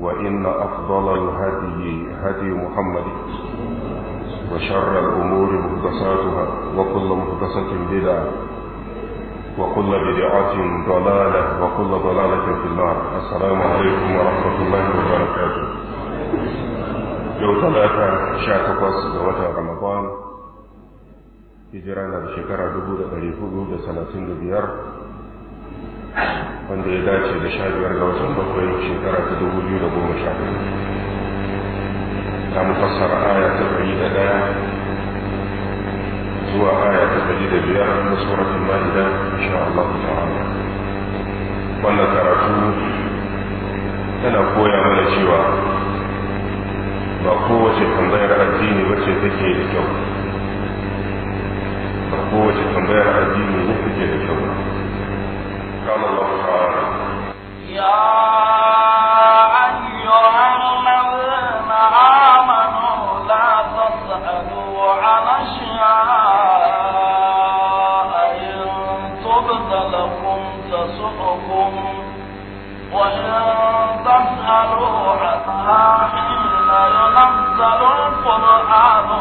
وإن أفضل الهدي هدي محمد وشر الأمور مهدساتها وكل مهدسة بدعة وكل بدعة ضلالة وكل ضلالة في النار السلام عليكم ورحمة الله وبركاته يوم ثلاثة شاتقص دوات رمضان هجرانا بشكرة دبودة لفضل سنة بيار wanda ya dace da sha biyar ga watan bakwai shekara ta dubu biyu da goma sha biyu ta mufassara aya ta ɗari da ɗaya zuwa aya ta ɗari da biyar na suratul ma'ida insha Allah ta ta'ala wannan karatu tana koya mana cewa ba kowace tambayar addini ba ce take da kyau ba kowace tambayar addini ne take da kyau ba. يا أيها الذين آمنوا لا تسألوا عن أشياء إن تسؤكم وإن تسألوا عنها حين ينزل القرآن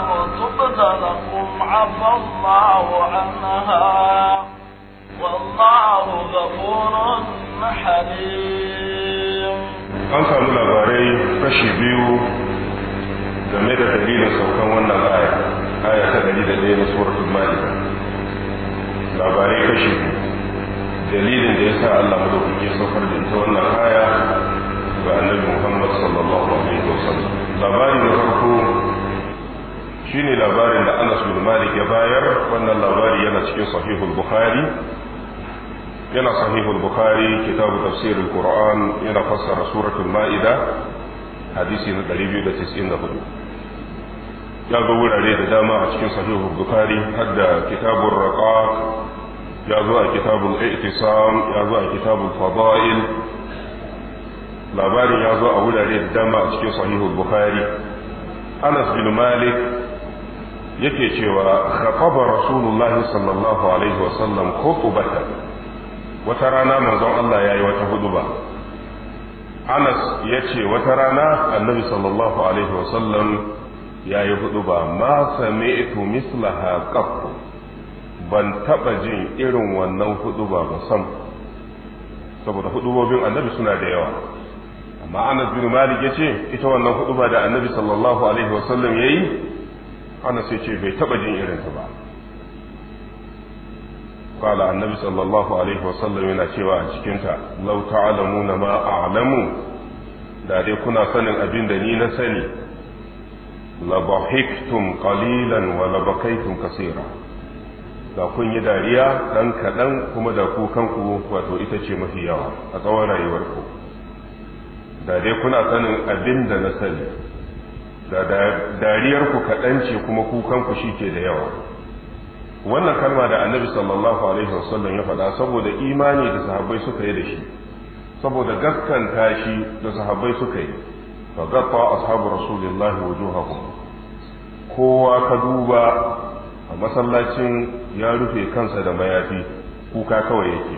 عفى الله عنها an samu labarai kashi biyu game da dalilin saukan wannan aya aya ta gari da ɗaya na suratul ma'ida labarai kashi biyu dalilin da ya sa Allah madaukaki ya saukar da ita wannan aya ga annabi Muhammad sallallahu alaihi wa sallam labarin na farko shine labarin da Anas bin Malik ya bayar wannan labari yana cikin sahihul Bukhari yana sahihul bukhari kitabu tafsirul qur'an yana fassara suratul ma'ida hadisi na 294 ya zo wurare da dama a cikin sahihu bukari har da kitabun raqaq ya zo a kitabun ya zo a kitabun labarin ya zo a wurare da dama a cikin sahihu bukhari anas bin malik yake cewa khataba rasulullah sallallahu alaihi wasallam khutbatan wata rana manzon Allah ya yi wata huduba Anas ya ce wata rana annabi sallallahu alaihi wasallam ya yi huduba ma sami'tu mislaha qattu ban taba jin irin wannan huduba ba sam saboda hudubobin annabi suna da yawa amma Anas bin Malik ya ce ita wannan huduba da annabi sallallahu alaihi wasallam ya yi Anas ya ce bai taba jin irin ta ba قال النبي صلى الله عليه وسلم yana cewa a cikinta law ta'lamuna ma a'lamu da dai kuna sanin abin da ni na sani la bahiktum qalilan wa la bakaytum kaseera da kun yi dariya dan kadan kuma da ku kanku wato ita ce mafi yawa a tsawon rayuwarku da dai kuna sanin abin da na sani da dariyarku kaɗan ce kuma kukanku shi ke da yawa wannan kalma da annabi sallallahu alaihi wasallam ya faɗa saboda imani da sahabbai suka yi da shi saboda gaskanta shi da sahabbai suka yi fa gatta ashabu rasulillahi wujuhahum kowa ka duba a masallacin ya rufe kansa da mayafi kuka kawai yake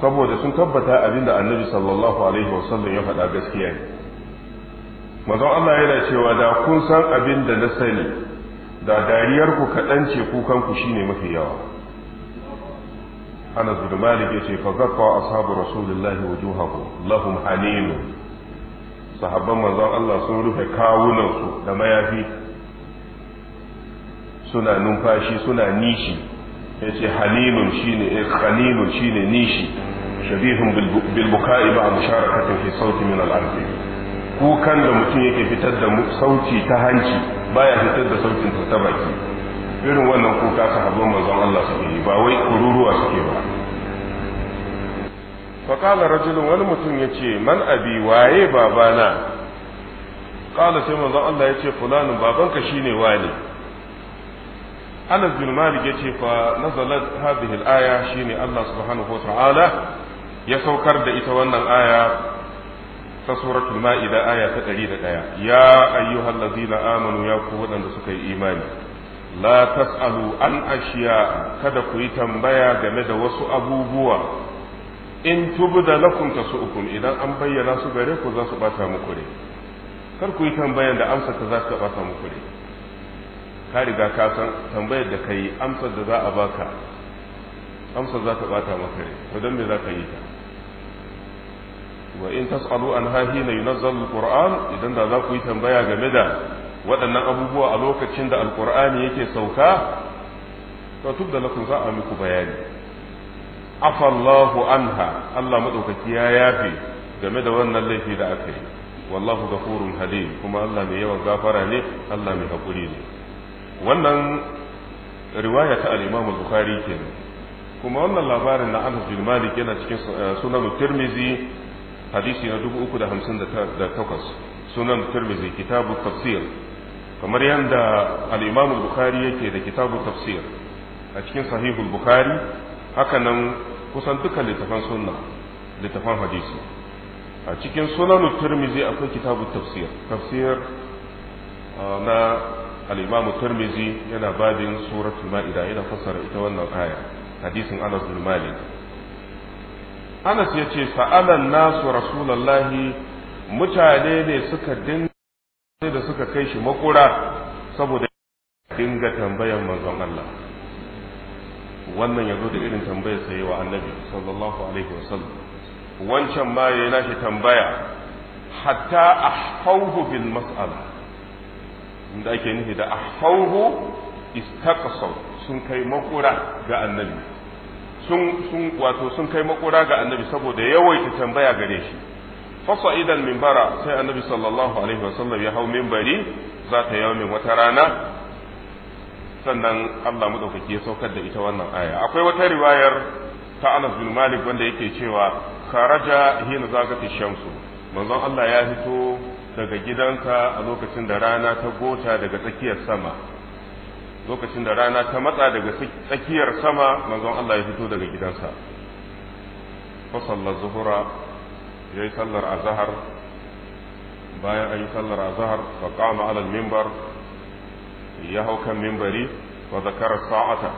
saboda sun tabbata abinda annabi sallallahu alaihi wasallam ya faɗa gaskiya ne manzon Allah yana cewa da kun san abin da na sani da dariyarku kaɗan ce kukanku shi ne mafi yawa Anas bin Malik yace fa zakka ashabu rasulillahi wujuhahum lahum Haninu. sahabban manzon Allah sun rufe kawunansu da mayafi suna numfashi suna nishi yace haninun shine eh shi ne nishi shabihun bil a ba musharakatin fi sauti min al kukan da mutum yake fitar da sauti ta hanci baya fitar da sautin sa ta baki irin wannan kuka hazo manzon Allah su yi ba wai kururuwa suke ba فقال رجل wani mutum ya ce man abi waye babana kala sai manzon Allah yace ce fulani babanka shine wani Anas bin Malik ya fa nazalat hadhihi al-aya shine Allah subhanahu wa ta'ala ya saukar da ita wannan aya ta suratul ma'ida aya ta 101 ya ayyuhal ladzina amanu ya ku waɗanda suka yi imani la tas'alu an ashiya kada ku yi tambaya game da wasu abubuwa in tubda lakum tasu'ukum idan an bayyana su gare ku za su bata muku ne kar ku yi tambayan da amsa ta za ta bata muku ne ka riga ka san tambayar da kai amsar da za a baka amsar za ta bata maka ne to dan me za ka yi ta wa in tas'alu an hahi la yunazzalu alquran idan da za ku yi tambaya game da waɗannan abubuwa a lokacin da alqur'ani yake sauka to tub da lakum za a muku bayani afallahu anha Allah madaukaki ya yafe game da wannan laifi da aka yi wallahu ghafurun halim kuma Allah mai yawan gafara ne Allah mai hakuri ne wannan riwaya ta al-Imam al-Bukhari kenan kuma wannan labarin na Anas bin Malik yana cikin eh, sunan tirmizi hadisi na dubu uku da da hamsin 358 sunan tirmizi kitabu tafsir kamar yadda al bukari al-bukhari yake da kitabu tafsir a cikin sahihul bukari haka nan kusan duka littafan sunna littafan hadisi a cikin sunan tirmizi akwai kitabu tafsir tafsir na al-imam yana babin suratul ma'ida yana fassara ita wannan aya hadisin anas bin malik anas ya ce sa'alan nasu rasulallahi mutane ne suka dinga da suka kai shi makura saboda dinga tambayan manzon Allah wannan ya zo da irin tambayar sai wa annabi sallallahu alaihi wasallam wancan ma ya nashi tambaya hatta hauhu bin mas'ala inda ake nufi da hauhu istaqsaw sun kai makura ga annabi sun sun wato sun kai makura ga annabi saboda yawaita tambaya gare shi fasa idan mimbara sai annabi sallallahu alaihi wasallam ya hau mimbari za ta min wata rana sannan Allah madaukaki ya saukar da ita wannan aya akwai wata riwayar ta Anas bin Malik wanda yake cewa kharaja hina zagati shamsu manzon Allah ya fito daga gidanka a lokacin da rana ta gota daga tsakiyar sama lokacin da rana ta matsa daga tsakiyar sama manzon Allah ya fito daga gidansa fa sallar zuhura ya yi sallar azahar. bayan an yi sallar azahar, fa qama ala minbar ya hau kan minbari wa zakara sa'ata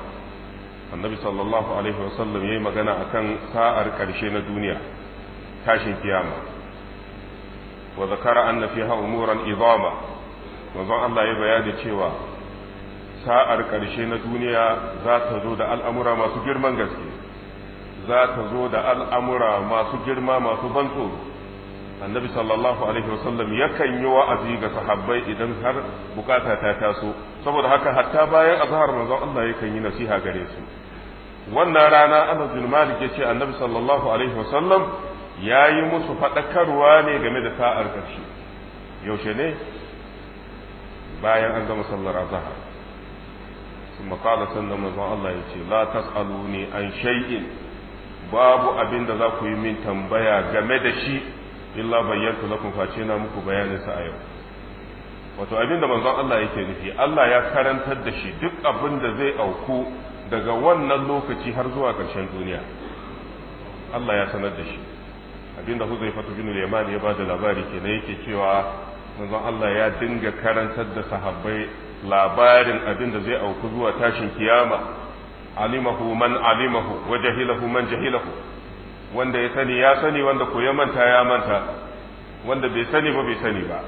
annabi sallallahu alaihi wa sallam yayi magana akan sa'ar karshe na duniya tashin kiyama wa zakara anna fiha umuran idama manzon Allah ya bayani cewa sa'ar ƙarshe na duniya za ta zo da al'amura masu girman gaske za ta zo da al'amura masu girma masu ban tsoro annabi sallallahu alaihi wasallam yakan yi wa'azi ga sahabbai idan har bukata ta taso saboda haka hatta bayan azhar manzo Allah yakan yi nasiha gare su wannan rana Anas bin Malik yace annabi sallallahu alaihi wasallam yayi musu fadakarwa ne game da sa'ar karshe yaushe ne bayan an gama sallar azhar kuma kala sannan manzon Allah ya ce la tas'aluni an shay'in babu abin da za ku yi min tambaya game da shi illa bayyantu lakum face na muku bayanin a yau wato abin da manzon Allah yake nufi Allah ya karantar da shi duk abin da zai auku daga wannan lokaci har zuwa ƙarshen duniya Allah ya sanar da shi Huzai Fatu bin Yaman ya ba da labari kenan yake cewa manzon Allah ya dinga karantar da sahabbai labarin abin da zai auku zuwa tashin kiyama alimahu man alimahu wa jahilahu man jahilahu wanda ya sani ya sani wanda ko ya manta ya manta wanda bai sani ba bai sani ba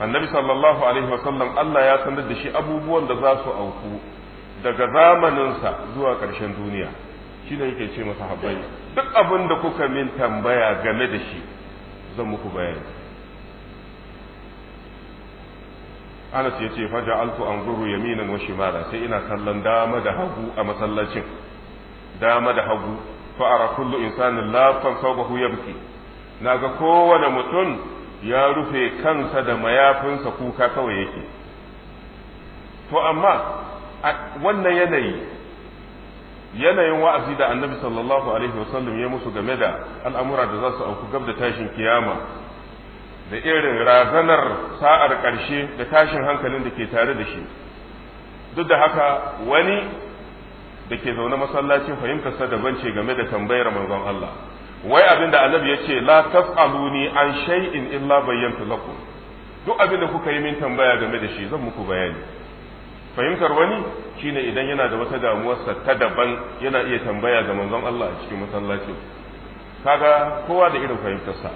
annabi sallallahu alaihi wa sallam Allah ya sanar da shi abubuwan da za su auku daga zamaninsa zuwa ƙarshen duniya shi ne yake ce masa habai duk abin da kuka min tambaya game da shi zan muku bayani anas ya ce faja altu an zuru yaminan wa shimala sai ina kallon dama da hagu a masallacin dama da hagu ara kullu insanin lafan saubahu yabki na kowane mutum ya rufe kansa da mayafinsa kuka kawai yake to amma a wannan yanayi yanayin wa'azi da annabi sallallahu alaihi wasallam ya musu game da al'amura da za su auku gab da tashin kiyama da irin razanar sa'ar ƙarshe da tashin hankalin da ke tare da shi duk da haka wani da ke zaune masallacin fahimtarsa daban ce game da tambayar manzon Allah wai abin da annabi ya ce la tas'aluni an shay'in illa bayyantu lakum duk abin da kuka yi min tambaya game da shi zan muku bayani fahimtar wani shine idan yana da wata damuwarsa ta daban yana iya tambaya ga manzon Allah a cikin masallacin kaga kowa da irin fahimtarsa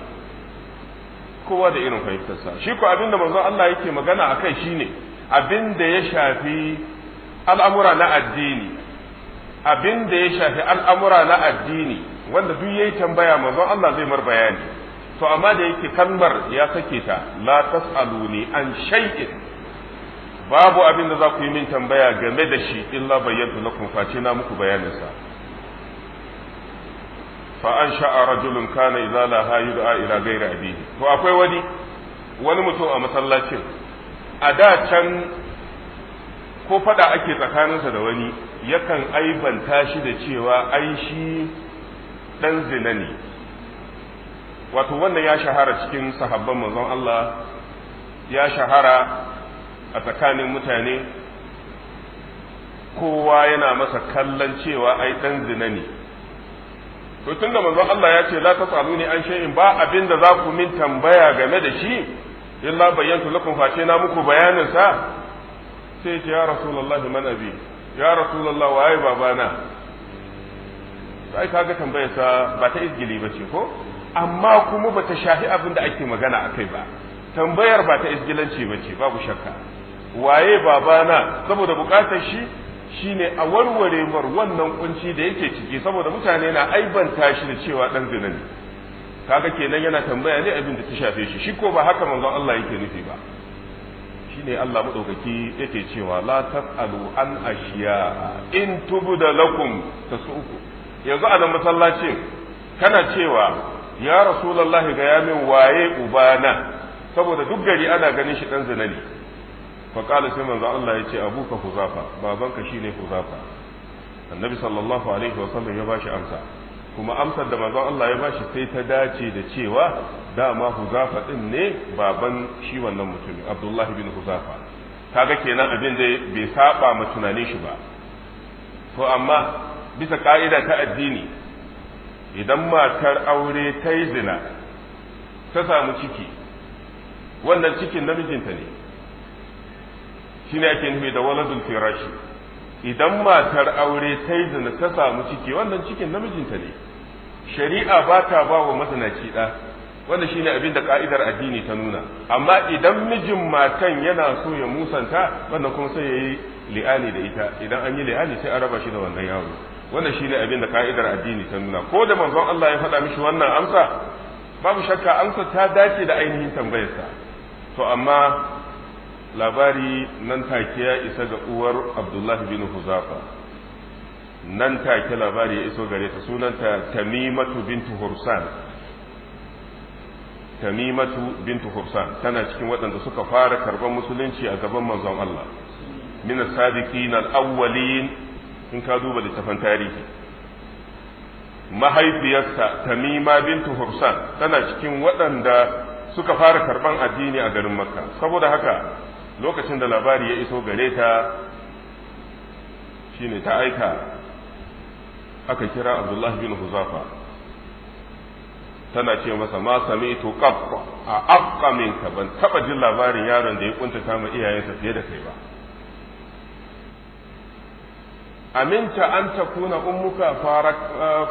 kowa da irin fahimtarsa shi ko abinda manzon Allah yake magana akai shine abinda ya shafi al'amura na addini abinda ya shafi al'amura na addini wanda duk yayi tambaya manzon Allah zai mar bayani to amma da yake kalmar ya sake ta la tasaluni an shay'in babu abin da za ku yi min tambaya game da shi illa bayyana lakum face na muku bayanin sa. fa an sha'a rajulun kana izala la da ila gaira abi to akwai wani wani mutum a masallacin a da can ko fada ake tsakaninsa da wani yakan aibanta shi da cewa ai shi dan zina ne wato wannan ya shahara cikin sahabban manzon Allah ya shahara a tsakanin mutane kowa yana masa kallon cewa ai dan zina ne to da manzon Allah ya ce la tasaluni an in ba abin da za ku min tambaya game da shi illa bayyantu lakum fa na muku bayanin sa sai ce ya rasulullahi man abi ya rasulullahi waye babana sai kaga tambayar sa ba ta izgili ba ce ko amma kuma ba ta shafi abin da ake magana akai ba tambayar ba ta izgilanci ba ce babu shakka waye babana saboda bukatar shi Shi ne a warware mar wannan kunci da yake ciki saboda mutane na aibanta shi da cewa ɗan zina ne kaga kenan yana tambaya ne abin da ta shafe shi shi ko ba haka manzon Allah yake nufi ba Shi ne Allah madaukaki yake cewa la tasalu an ashiya in tubda lakum tasuku yanzu a nan masallacin kana cewa ya rasulullahi ga min waye ubana saboda duk gari ana ganin shi dan zina ne faƙala sai manzo Allah ya ce abuka huzafa babanka shine huzafa annabi sallallahu alaihi wa sallam ya bashi amsa kuma amsar da manzo Allah ya bashi sai ta dace da cewa dama huzafa din ne baban shi wannan mutumin abdullahi bin huzafa kaga kenan abin da bai saba ma tunanin shi ba to amma bisa ka'ida ta addini idan matar aure ta yi zina ta samu ciki wannan cikin namijinta ne ne ake nufi da waladul firashi idan matar aure ta yi zina ta samu ciki wannan cikin namijinta ne shari'a ba ta ba wa mazinaci ɗa wannan ne abin da ka'idar addini ta nuna amma idan mijin matan yana so ya musanta wannan kuma sai ya yi li'ani da ita idan an yi li'ani sai a raba shi da wannan yaro wannan shi ne abin da ka'idar addini ta nuna ko da manzon Allah ya faɗa mishi wannan amsa babu shakka amsa ta dace da ainihin tambayarsa to amma labari nan take ya isa ga uwar abdullahi bin huzafa nan take labari ya iso gare ta sunanta tamimatu bintu hursan tamimatu bintu hursan tana cikin waɗanda suka fara karɓar musulunci a gaban manzon Allah min as-sabiqin al-awwalin in ka duba littafin tarihi mahaifiyarsa tamima bintu hursan tana cikin waɗanda suka fara karɓan addini a garin makka saboda haka lokacin da labari ya iso gare ta shine ta aika aka kira abdullahi bin huzafa tana ce masa ma sami'tu ito a afqa minka ban taba jin labarin yaron da ya kuntata ma iyayensa fiye da kai ba aminta an takuna ummuka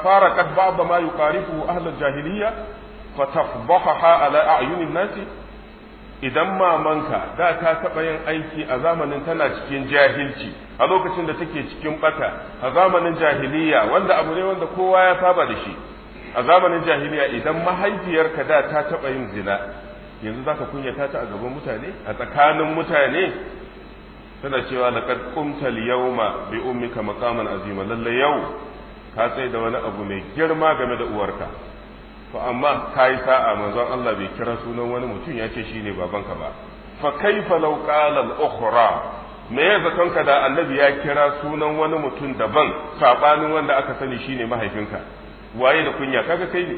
faraqat ba'd ma yuqarifu ahlul jahiliya fatafdahaha ala a'yunin nasi idan mamanka da ta taɓa yin aiki a zamanin tana cikin jahilci a lokacin da take cikin bata a zamanin jahiliya wanda abu ne wanda kowa ya saba da shi a zamanin jahiliya idan mahaifiyarka da ta taɓa yin zina yanzu zaka kunyata ta a gaban mutane a tsakanin mutane tana cewa laqad qumta al-yawma bi ummika maqaman azima lalle yau ka tsai da wani abu mai girma game da uwarka to amma ka yi sa'a manzon Allah bai kira sunan wani mutum ya ce shine babanka ba fa kaifa law qala al-ukhra me ya ka da annabi ya kira sunan wani mutum daban sabanin wanda aka sani shine mahaifinka waye da kunya kaga kai ne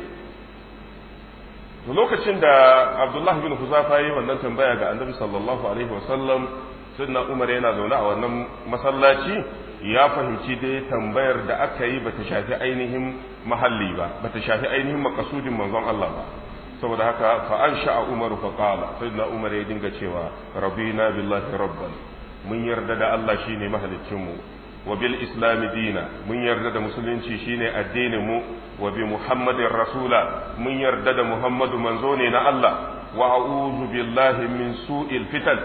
to lokacin da Abdullah bin Huzafa yi wannan tambaya ga Annabi sallallahu alaihi wasallam sunna Umar yana zaune a wannan masallaci ya fahimci dai tambayar da aka yi bata shafi ainihin mahalli ba bata shafi ainihin makasudin manzon Allah ba saboda haka fa an sha'a umaru fa qala sayyidina umar ya dinga cewa rabbina billahi rabban mun yarda da Allah shine mahaliccin mu wa bil islam dina mun yarda da musulunci shine addinin mu wa bi muhammadin rasula mun yarda da muhammadu manzo ne na Allah wa a'udhu billahi min su'il fitan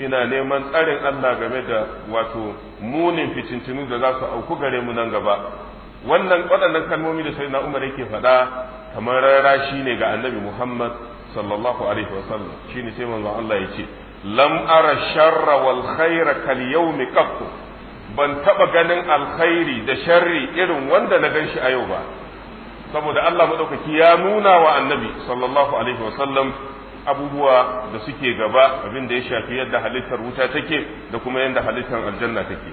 ina neman tsarin Allah game da wato munin fitintinu da za su auku gare mu nan gaba wannan waɗannan kalmomi da sayyidina Umar yake faɗa kamar rara ne ga annabi Muhammad sallallahu alaihi wasallam shine sai manzo Allah ya ce lam ara sharra wal khaira kal yawm qat ban taba ganin alkhairi da sharri irin wanda na gan shi a yau ba saboda Allah madaukaki ya nuna wa annabi sallallahu alaihi wasallam abubuwa da suke gaba abin da ya shafi yadda halittar wuta take da kuma yadda halittar aljanna take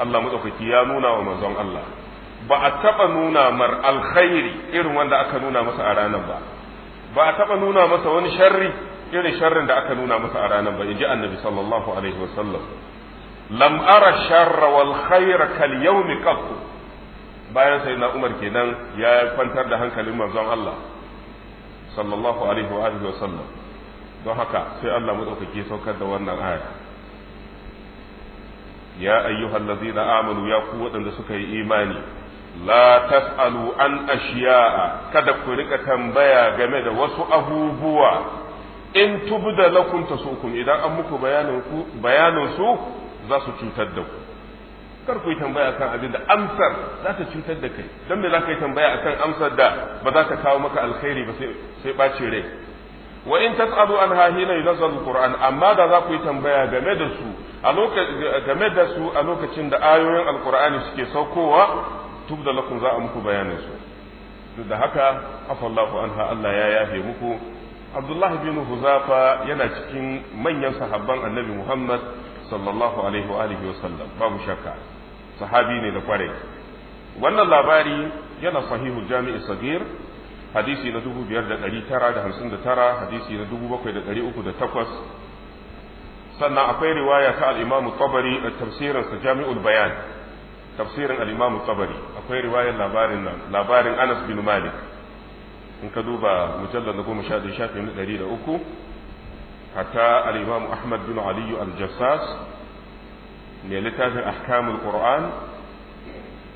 Allah madaukaki ya nuna wa manzon Allah ba a taɓa nuna mar alkhairi irin wanda aka nuna masa a ranar ba ba a taba nuna masa wani sharri irin sharrin da aka nuna masa a ranar ba inji annabi sallallahu alaihi wasallam lam ara sharra wal khaira kal yawmi qat bayan sayyidina Umar kenan ya kwantar da hankalin manzon Allah sallallahu alaihi wa alihi wa don haka sai Allah madaukake saukar da wannan aya ya ayyuhal ladzina amanu ya ku waɗanda suka yi imani la tas'alu an ashiya'a kada ku rika tambaya game da wasu abubuwa in tubda lakum tasukum idan an muku bayanin ku bayanin su za su cutar da ku kar ku yi tambaya kan abin da amsar za ta cutar da kai don me za ka yi tambaya akan amsar da ba za ta kawo maka alkhairi ba sai ɓace rai wa in tas'alu an hahina yunazzal alquran amma da za ku yi tambaya game da su a lokacin game da su a lokacin da ayoyin alqur'ani suke saukowa tubda lakum za a muku bayanin su da haka afallahu anha Allah ya yafe muku Abdullah bin Huzafa yana cikin manyan sahabban Annabi Muhammad sallallahu alaihi wa alihi wa sallam babu shakka sahabi ne da kwarai wannan labari yana sahihu jami'i sagir hadisi na dubu biyar da da da ɗari tara hamsin tara. hadisi na dubu bakwai da da ɗari uku takwas. sannan akwai riwaya ta al'imamu imam Tabari a tafsirin sa Jami'ul Bayan tafsirin al'imamu imam Tabari akwai riwayar labarin nan labarin Anas bin Malik in ka duba mujallar na 11 shafi na ɗari da uku. hatta al'imamu Ahmad bin Aliyu al-Jassas ne littafin ahkamul qur'an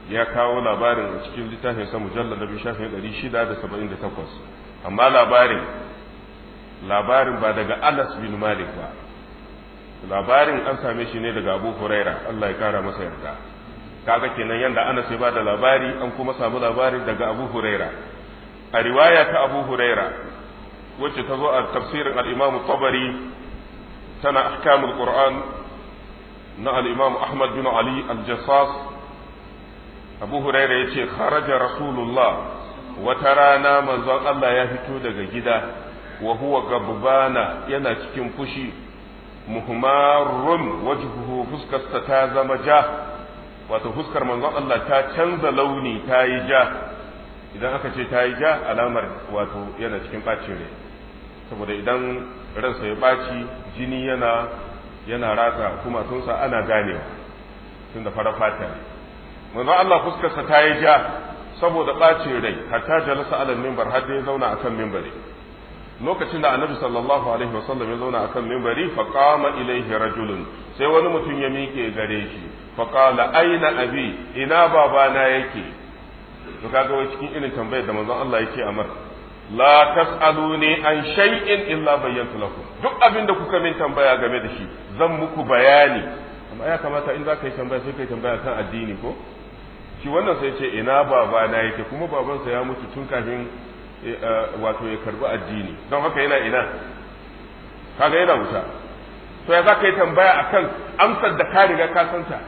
ya kawo labarin a cikin littafin sa mujallal na da 678 amma labarin labarin ba daga Anas bin Malik ba labarin an same shi ne daga Abu Huraira Allah ya kara masa yarda kaga kenan yanda Anas ya bada labari an kuma samu labarin daga Abu Huraira a riwaya ta Abu Huraira wacce ta zo a tafsirin al-Imam Tabari tana ahkamul Qur'an na al ahmad bin ali al-jassas abu huraira ce kharaja rasulullah wata rana manzon Allah ya fito daga gida wa huwa gabbana yana cikin fushi muhmarun waje fuskarsa ta zama ja Wata fuskar manzon Allah ta canza launi ta yi ja idan aka ce ta yi ja alamar wato yana cikin ɓacin rai saboda idan ransa ya ɓaci jini yana yana ratsa kuma sa ana ganewa da fara fata ne manzo Allah fuskarsa ta yi ja saboda ɓacin rai hatta jalasa alal minbar har da ya zauna akan minbari lokacin da annabi sallallahu alaihi wasallam ya zauna akan minbari fa qama ilaihi rajulun sai wani mutum ya miƙe gare shi fa qala aina abi ina babana yake to kaga wai cikin irin tambayar da manzo Allah yake amar la tas'aluni an shay'in illa bayyantu lakum duk abin da kuka min tambaya game da shi zan muku bayani amma ya kamata in za ka yi tambaya sai ka yi tambaya kan addini ko shi wannan sai ce ina baba na yake kuma babansa ya mutu tun kafin eh, eh, wato ya karbi addini don haka yana ina kaga yana wuta to ya za ka yi tambaya akan amsar da ka riga ka santa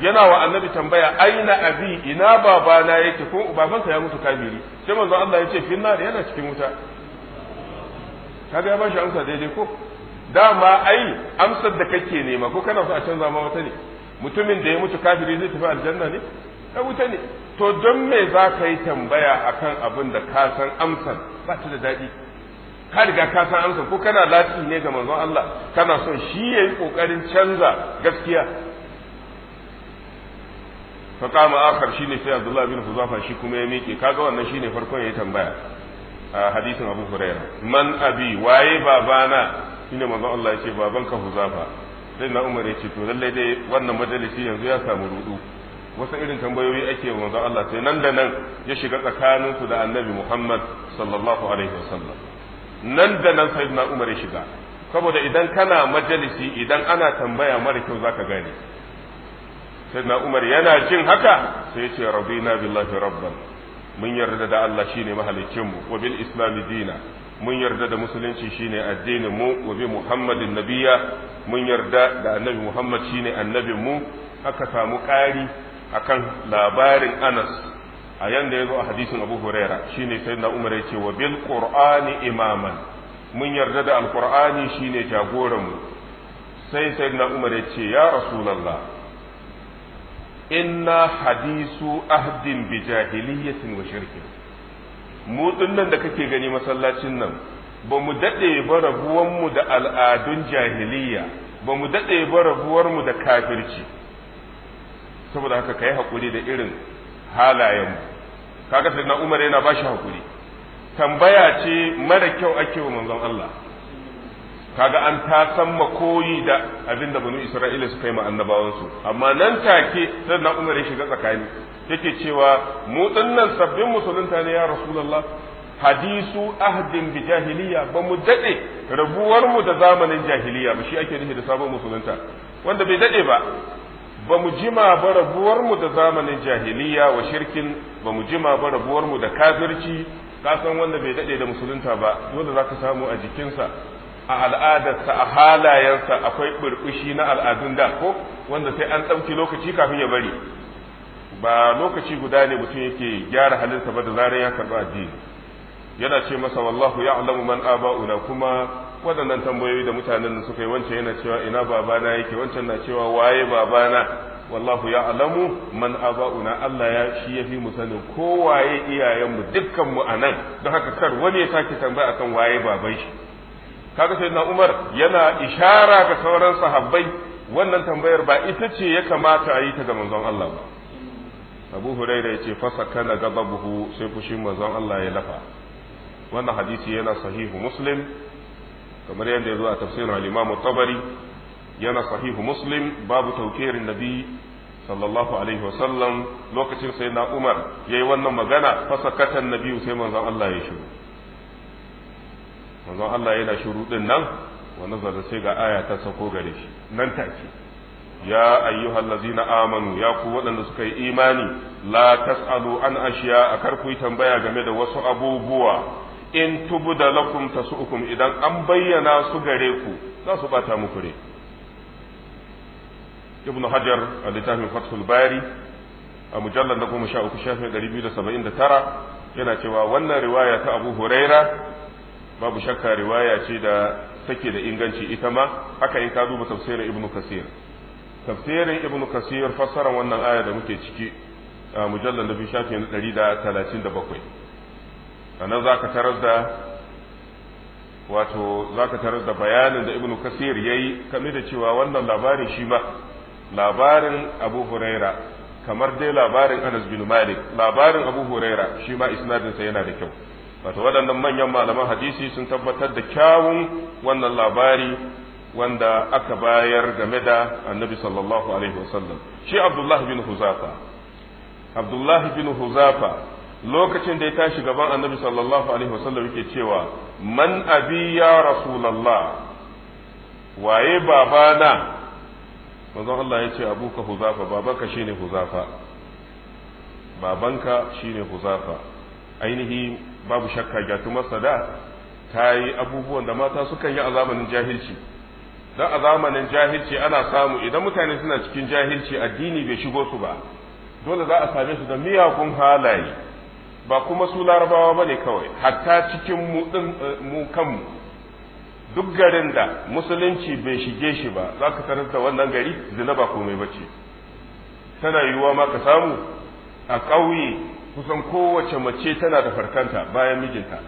yana wa annabi tambaya aina abi ina babana yake ko babansa ya mutu kafiri sai manzo Allah ya ce da yana cikin wuta kaga ya bashi amsa daidai ko dama ai amsar da kake nema ko kana so a canza ma wata ne mutumin da ya mutu kafiri zai tafi aljanna ne ka wuta ne to don me za ka yi tambaya akan abin da ka san amsar ba ta da daɗi ka riga ka san amsar ko kana lati ne ga manzon Allah kana son shi yayi kokarin canza gaskiya fa qama akhar shine sai Abdullah bin Huzafa shi kuma ya miƙe kaga wannan shine farkon ya tambaya a hadisin Abu Hurairah man abi waye babana shine manzon Allah ya baban ka Huzafa sai na Umar ya ce to lalle dai wannan majalisi yanzu ya samu rudu wasu irin tambayoyi ake wa manzon Allah sai nan da nan ya shiga tsakanin su da Annabi Muhammad sallallahu alaihi wasallam nan da nan sai na Umar ya shiga saboda idan kana majalisi idan ana tambaya mara kyau zaka gane sayyidina Umar yana jin haka sai ya ce radina billahi rabban mun yarda da Allah shine mahaliccin mu wa bil islam dina mun yarda da musulunci shine addinin mu wa bi muhammadin nabiyya mun yarda da annabi muhammad shine annabin mu aka samu ƙari kan labarin Anas a yanda yazo a hadisin Abu Huraira shine sayyidina Umar ya ce wa imaman mun yarda da alqur'ani shine jagoran mu sai sayyidina Umar ya ce ya inna hadisu ahdin bi jahiliyyatin wa shirkin mu dinnan da kake gani masallacin nan ba mu daɗe ba mu da al'adun jahiliyya ba mu dade ba mu da kafirci saboda haka kai hakuri da irin halayenmu kaga na Umar yana bashi hakuri tambaya ce mara kyau ake wa manzon Allah kaga an ta san makoyi da abin da banu isra'ila su yi ma annabawansu amma nan take sai na umar ya shiga tsakani yake cewa mu dinnan sabbin musulunta ne ya rasulullah hadisu ahdin bi jahiliya ba mu dade rabuwar mu da zamanin jahiliya ba shi ake nufi da sabon musulunta wanda bai dade ba ba mu jima ba rabuwar mu da zamanin jahiliya wa shirkin ba mu jima ba rabuwar mu da kafirci ka san wanda bai dade da musulunta ba dole za ka samu a jikinsa a al'adarsa a halayensa akwai burbushi na al'adun da ko wanda sai an ɗauki lokaci kafin ya bari ba lokaci guda ne mutum yake gyara halinsa ba da zarar ya karba addini yana ce masa wallahu ya'lamu man aba'una kuma waɗannan tambayoyi da mutanen nan suka yi wancan yana cewa ina babana yake wancan na cewa waye babana wallahu ya'lamu man aba'una Allah ya shi yafi mu sanin ko waye iyayenmu dukkanmu mu anan don haka kar wani ya sake tambaya akan waye baban shi kaga sai na umar yana ishara ga sauran sahabbai wannan tambayar ba ita ce ya kamata a yi ta ga manzon Allah ba abu huraira ya ce fasa kana gababuhu sai fushi manzon Allah ya lafa wannan hadisi yana sahihu muslim kamar yadda ya zo a tafsirin al-imam tabari yana sahihu muslim babu taukirin nabi sallallahu alaihi sallam. lokacin sai na umar yayi wannan magana fasa katan nabi sai manzon Allah ya shiga. manzon Allah yana shiru din nan wa nazara sai ga aya ta sako gare shi nan take ya ayyuhal amanu ya ku waɗanda suka yi imani la tasalu an ashiya a kar ku tambaya game da wasu abubuwa in tubda lakum tasukum idan an bayyana su gare ku za su bata muku ne ibn hajar a littafin fathul bari a mujallar na goma sha uku shafin ɗari biyu da saba'in da tara yana cewa wannan riwaya ta abu huraira babu shakka riwaya ce da take da inganci ita ma haka in ka duba tafsirin ibnu kasir tafsirin ibnu kasir fassara wannan aya da muke ciki a mujallar da bi shafi na ɗari da talatin da bakwai a nan za ka tarar da wato za ka tarar da bayanin da ibnu kasir ya yi kame da cewa wannan labarin shi ma labarin abu huraira kamar dai labarin anas bin malik labarin abu huraira shi ma isnadinsa yana da kyau wato waɗannan manyan malaman hadisi sun tabbatar da kyawun wannan labari wanda aka bayar game da annabi sallallahu alaihi wasallam shi abdullahi bin huzafa bin huzafa lokacin da ya tashi gaban annabi sallallahu alaihi wasallam yake cewa man abi ya rasulallah waye babana manzon Allah ya ce abuka huzafa babanka shine huzafa babanka shine huzafa ainihi babu shakka gyatumarsa da ta yi abubuwan da mata sukan yi a zamanin jahilci don a zamanin jahilci ana samu idan mutane suna cikin jahilci addini bai shigo su ba dole za a same su da miyakun halaye ba kuma su larabawa ba ne kawai hatta cikin eh, mu kanmu duk garin da musulunci bai shige shi ba za ka tarar da wannan gari zina ba komai ba ce tana yiwuwa ma ka samu a ƙauye kusan kowace mace tana da farkanta bayan mijinta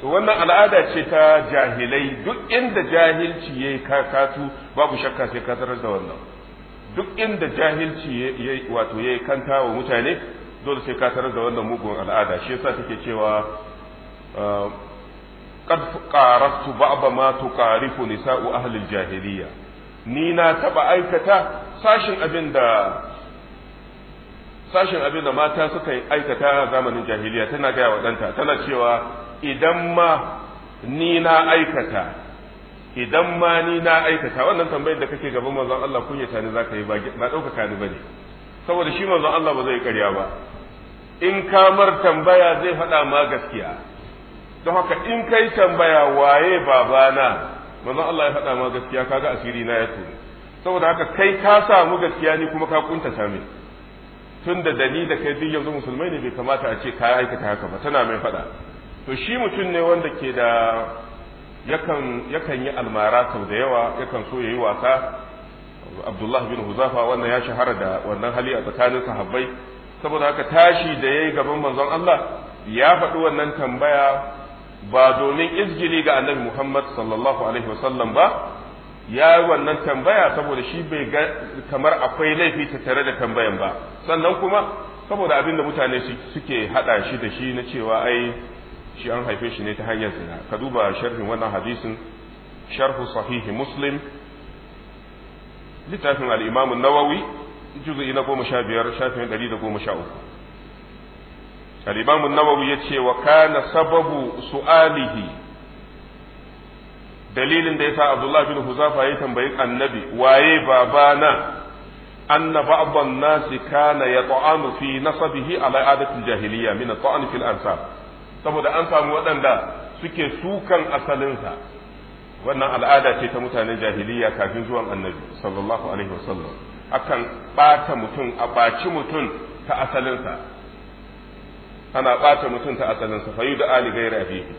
to wannan al'ada ce ta jahilai duk inda jahilci ya yi kakatu babu shakka sai ka da wannan duk inda jahilci yayi wato yi kanta wa mutane dole sai ka da wannan mugun al'ada shi yasa take cewa uh, qad qaratu ba'da ma tuqarifu nisa'u ahli al-jahiliyya ni na taba aikata sashin abin da Sashen abin da mata suka aikata a zamanin jahiliya tana gaya wa ɗanta tana cewa idan ma ni na aikata idan ma ni na aikata wannan tambayar da kake gaban manzon Allah kunyata ni zaka yi ba ɗaukaka ni bane saboda shi manzon Allah ba zai karya ba in kamar tambaya zai faɗa ma gaskiya don haka in kai tambaya waye babana manzon Allah ya faɗa ma gaskiya kaga asiri na ya tuni saboda haka kai ka samu gaskiya ni kuma ka kunta same tun da dani da kai duk yanzu musulmai ne bai kamata a ce ka aikata haka ba tana mai faɗa to shi mutum ne wanda ke da yakan yakan yi almara sau da yawa yakan so yayi wasa Abdullah bin Huzafa wannan ya shahara da wannan hali a tsakanin sahabbai saboda haka tashi da yayi gaban manzon Allah ya faɗi wannan tambaya ba domin izgili ga annabi Muhammad sallallahu alaihi wasallam ba ya yi wannan tambaya saboda shi bai ga kamar akwai laifi ta tare da tambayan ba sannan kuma saboda abin da mutane suke hada shi da shi na cewa ai shi an haife shi ne ta hanyar zina ka duba sharhin wannan hadisin sharhu sahihi muslim littafin al-imam nawawi juz'i na goma sha biyar shafin ɗari da goma sha uku al-imam nawawi ya ce wa kana sababu su'alihi dalilin da ya sa Abdullah bin Huzafa ya tambayi annabi waye babana anna ba'd an-nas kana yat'anu fi nasabihi ala jahiliya min at fil ansab saboda an samu waɗanda suke sukan asalinsa wannan al'ada ce ta mutanen jahiliya kafin zuwan annabi sallallahu alaihi wasallam akan bata mutum a baci mutum ta asalinsa ana bata mutum ta asalinsa fa ali ghairi abihi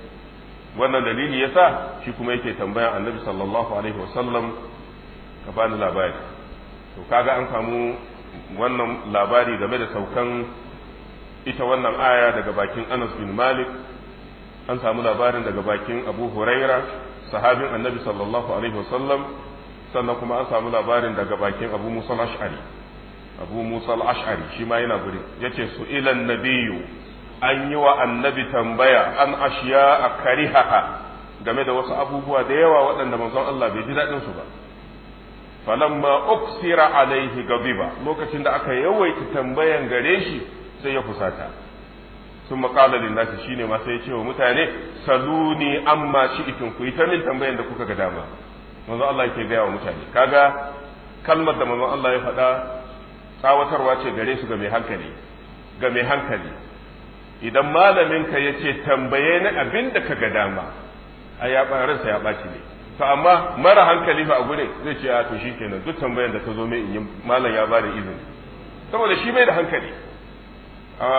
wannan dalili yasa shi kuma yake tambayan annabi sallallahu alaihi wasallam ka bani labari to kaga an samu wannan labari game da saukan ita wannan aya daga bakin Anas bin Malik an samu labarin daga bakin Abu Huraira sahabin annabi sallallahu alaihi wasallam sannan kuma an samu labarin daga bakin Abu Musa al-Ash'ari Abu Musa al-Ash'ari shi ma yana gurin yace su ilan nabiyyu an yi wa annabi tambaya an ashiya a karihaha game da wasu abubuwa da yawa waɗanda manzon Allah bai ji daɗin su ba falamma uksira alaihi gadiba lokacin da aka yawaita tambayan gare shi sai ya fusata sun maƙala shi shine ma sai ya ce wa mutane saluni amma ikin ku yi ta min tambayan da kuka ga dama manzon Allah yake gaya wa mutane kaga kalmar da manzon Allah ya faɗa tsawatarwa ce gare su ga mai hankali ga mai hankali idan malaminka ya ce tambaye ni abin da ka dama a ya ransa ya ɓaci ne to amma mara hankali fa a gure zai ce a to shi kenan duk tambayar da ta zo mai in malam ya ba da izini saboda shi bai da hankali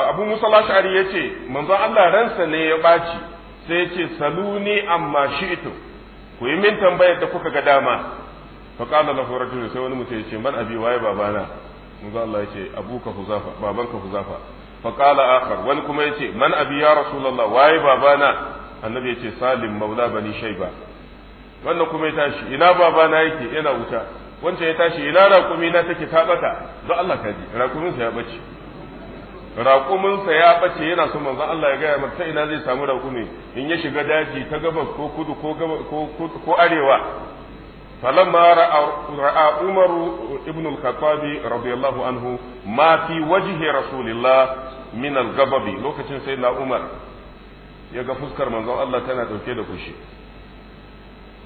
abu musa lashari ya ce manzon allah ransa ne ya ɓaci sai ya ce saluni amma ito ku yi min tambayar da kuka ga dama fa qala lahu rajul sai wani mutum ya ce man abi waye babana manzo allah ya ce abuka huzafa babanka huzafa فقال آخر كما يتي من أبي يا رسول الله واي بابانا النبي يتي سالم مولى بني شيبة وان كما يتاشي إنا بابانا يتي إنا وتا وان يتاشي إنا راكمي تكي تابتا ذا الله كادي راكمي سيابتش raƙuminsa ya ɓace yana son manzo Allah ya gaya mata ina zai samu raƙumi in ya shiga daji ta gabas ko kudu ko arewa فلما رأى, رأى عمر ابن الخطاب رضي الله عنه ما في وجه رسول الله min al-gababi lokacin sai na Umar ya ga fuskar manzon Allah tana dauke da kushi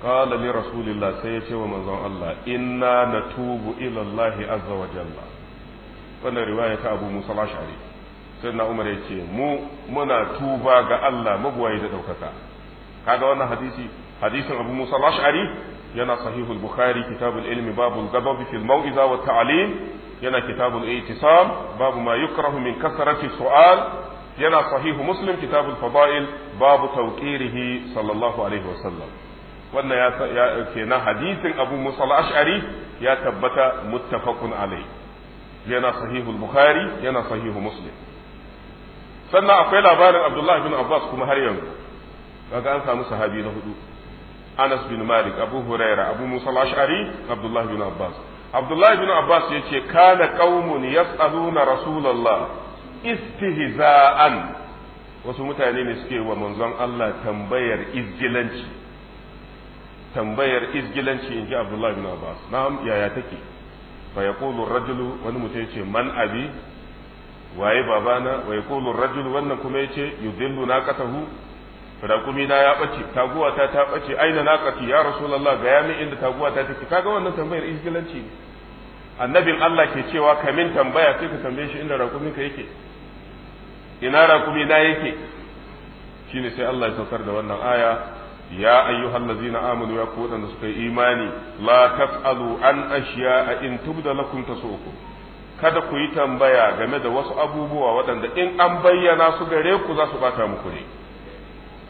qala li rasulillah sai ya ce wa manzon Allah inna natubu ila Allah azza wa jalla wannan riwaya ta Abu Musa al-Ash'ari sai na Umar ya ce mu muna tuba ga Allah mabuwaye da daukaka kaga wannan hadisi hadisin Abu Musa al-Ash'ari yana sahihul Bukhari kitabul ilmi babul gababi fil mau'iza wa ta'lim yana kitabul i'tisam babu ma yukrahu min kasrati su'al yana sahihu muslim kitabul fada'il babu tawqirihi sallallahu alaihi wa sallam wannan ya kenan hadisin abu musa al-ash'ari ya tabbata muttafaqun alai yana sahihul bukhari yana sahihu muslim sannan akwai labarin abdullahi bin abbas kuma har yanzu kaga an samu sahabi na hudu anas bin malik abu huraira abu musa al-ash'ari abdullahi bin abbas Abdullahi bin Abbas ya ce kana tsaro na Rasulallah, istihza'an wasu mutane ne suke wa manzon Allah tambayar izgilanci tambayar izgilanci ji Abdullahi bin Abbas na'am yaya take fa ya rajulu wani mutum ce, man abi waye babana wa ya ar-rajulu wannan kuma yace yudillu ƙasahu? raƙumi na ya ɓace taguwata ta ɓace aina na ƙafi ya rasulullah ga yami inda taguwata take kaga wannan tambayar isgilanci ne annabin Allah ke cewa kamin tambaya sai ka tambaye shi inda raƙumin ka yake ina raƙumi na yake shine sai Allah ya saukar da wannan aya ya ayyuhal ladzina amanu ya ku wadanda suka yi imani la tasalu an ashiya in tubda lakum tasukum kada ku yi tambaya game da wasu abubuwa waɗanda in an bayyana su gare ku za su bata muku ne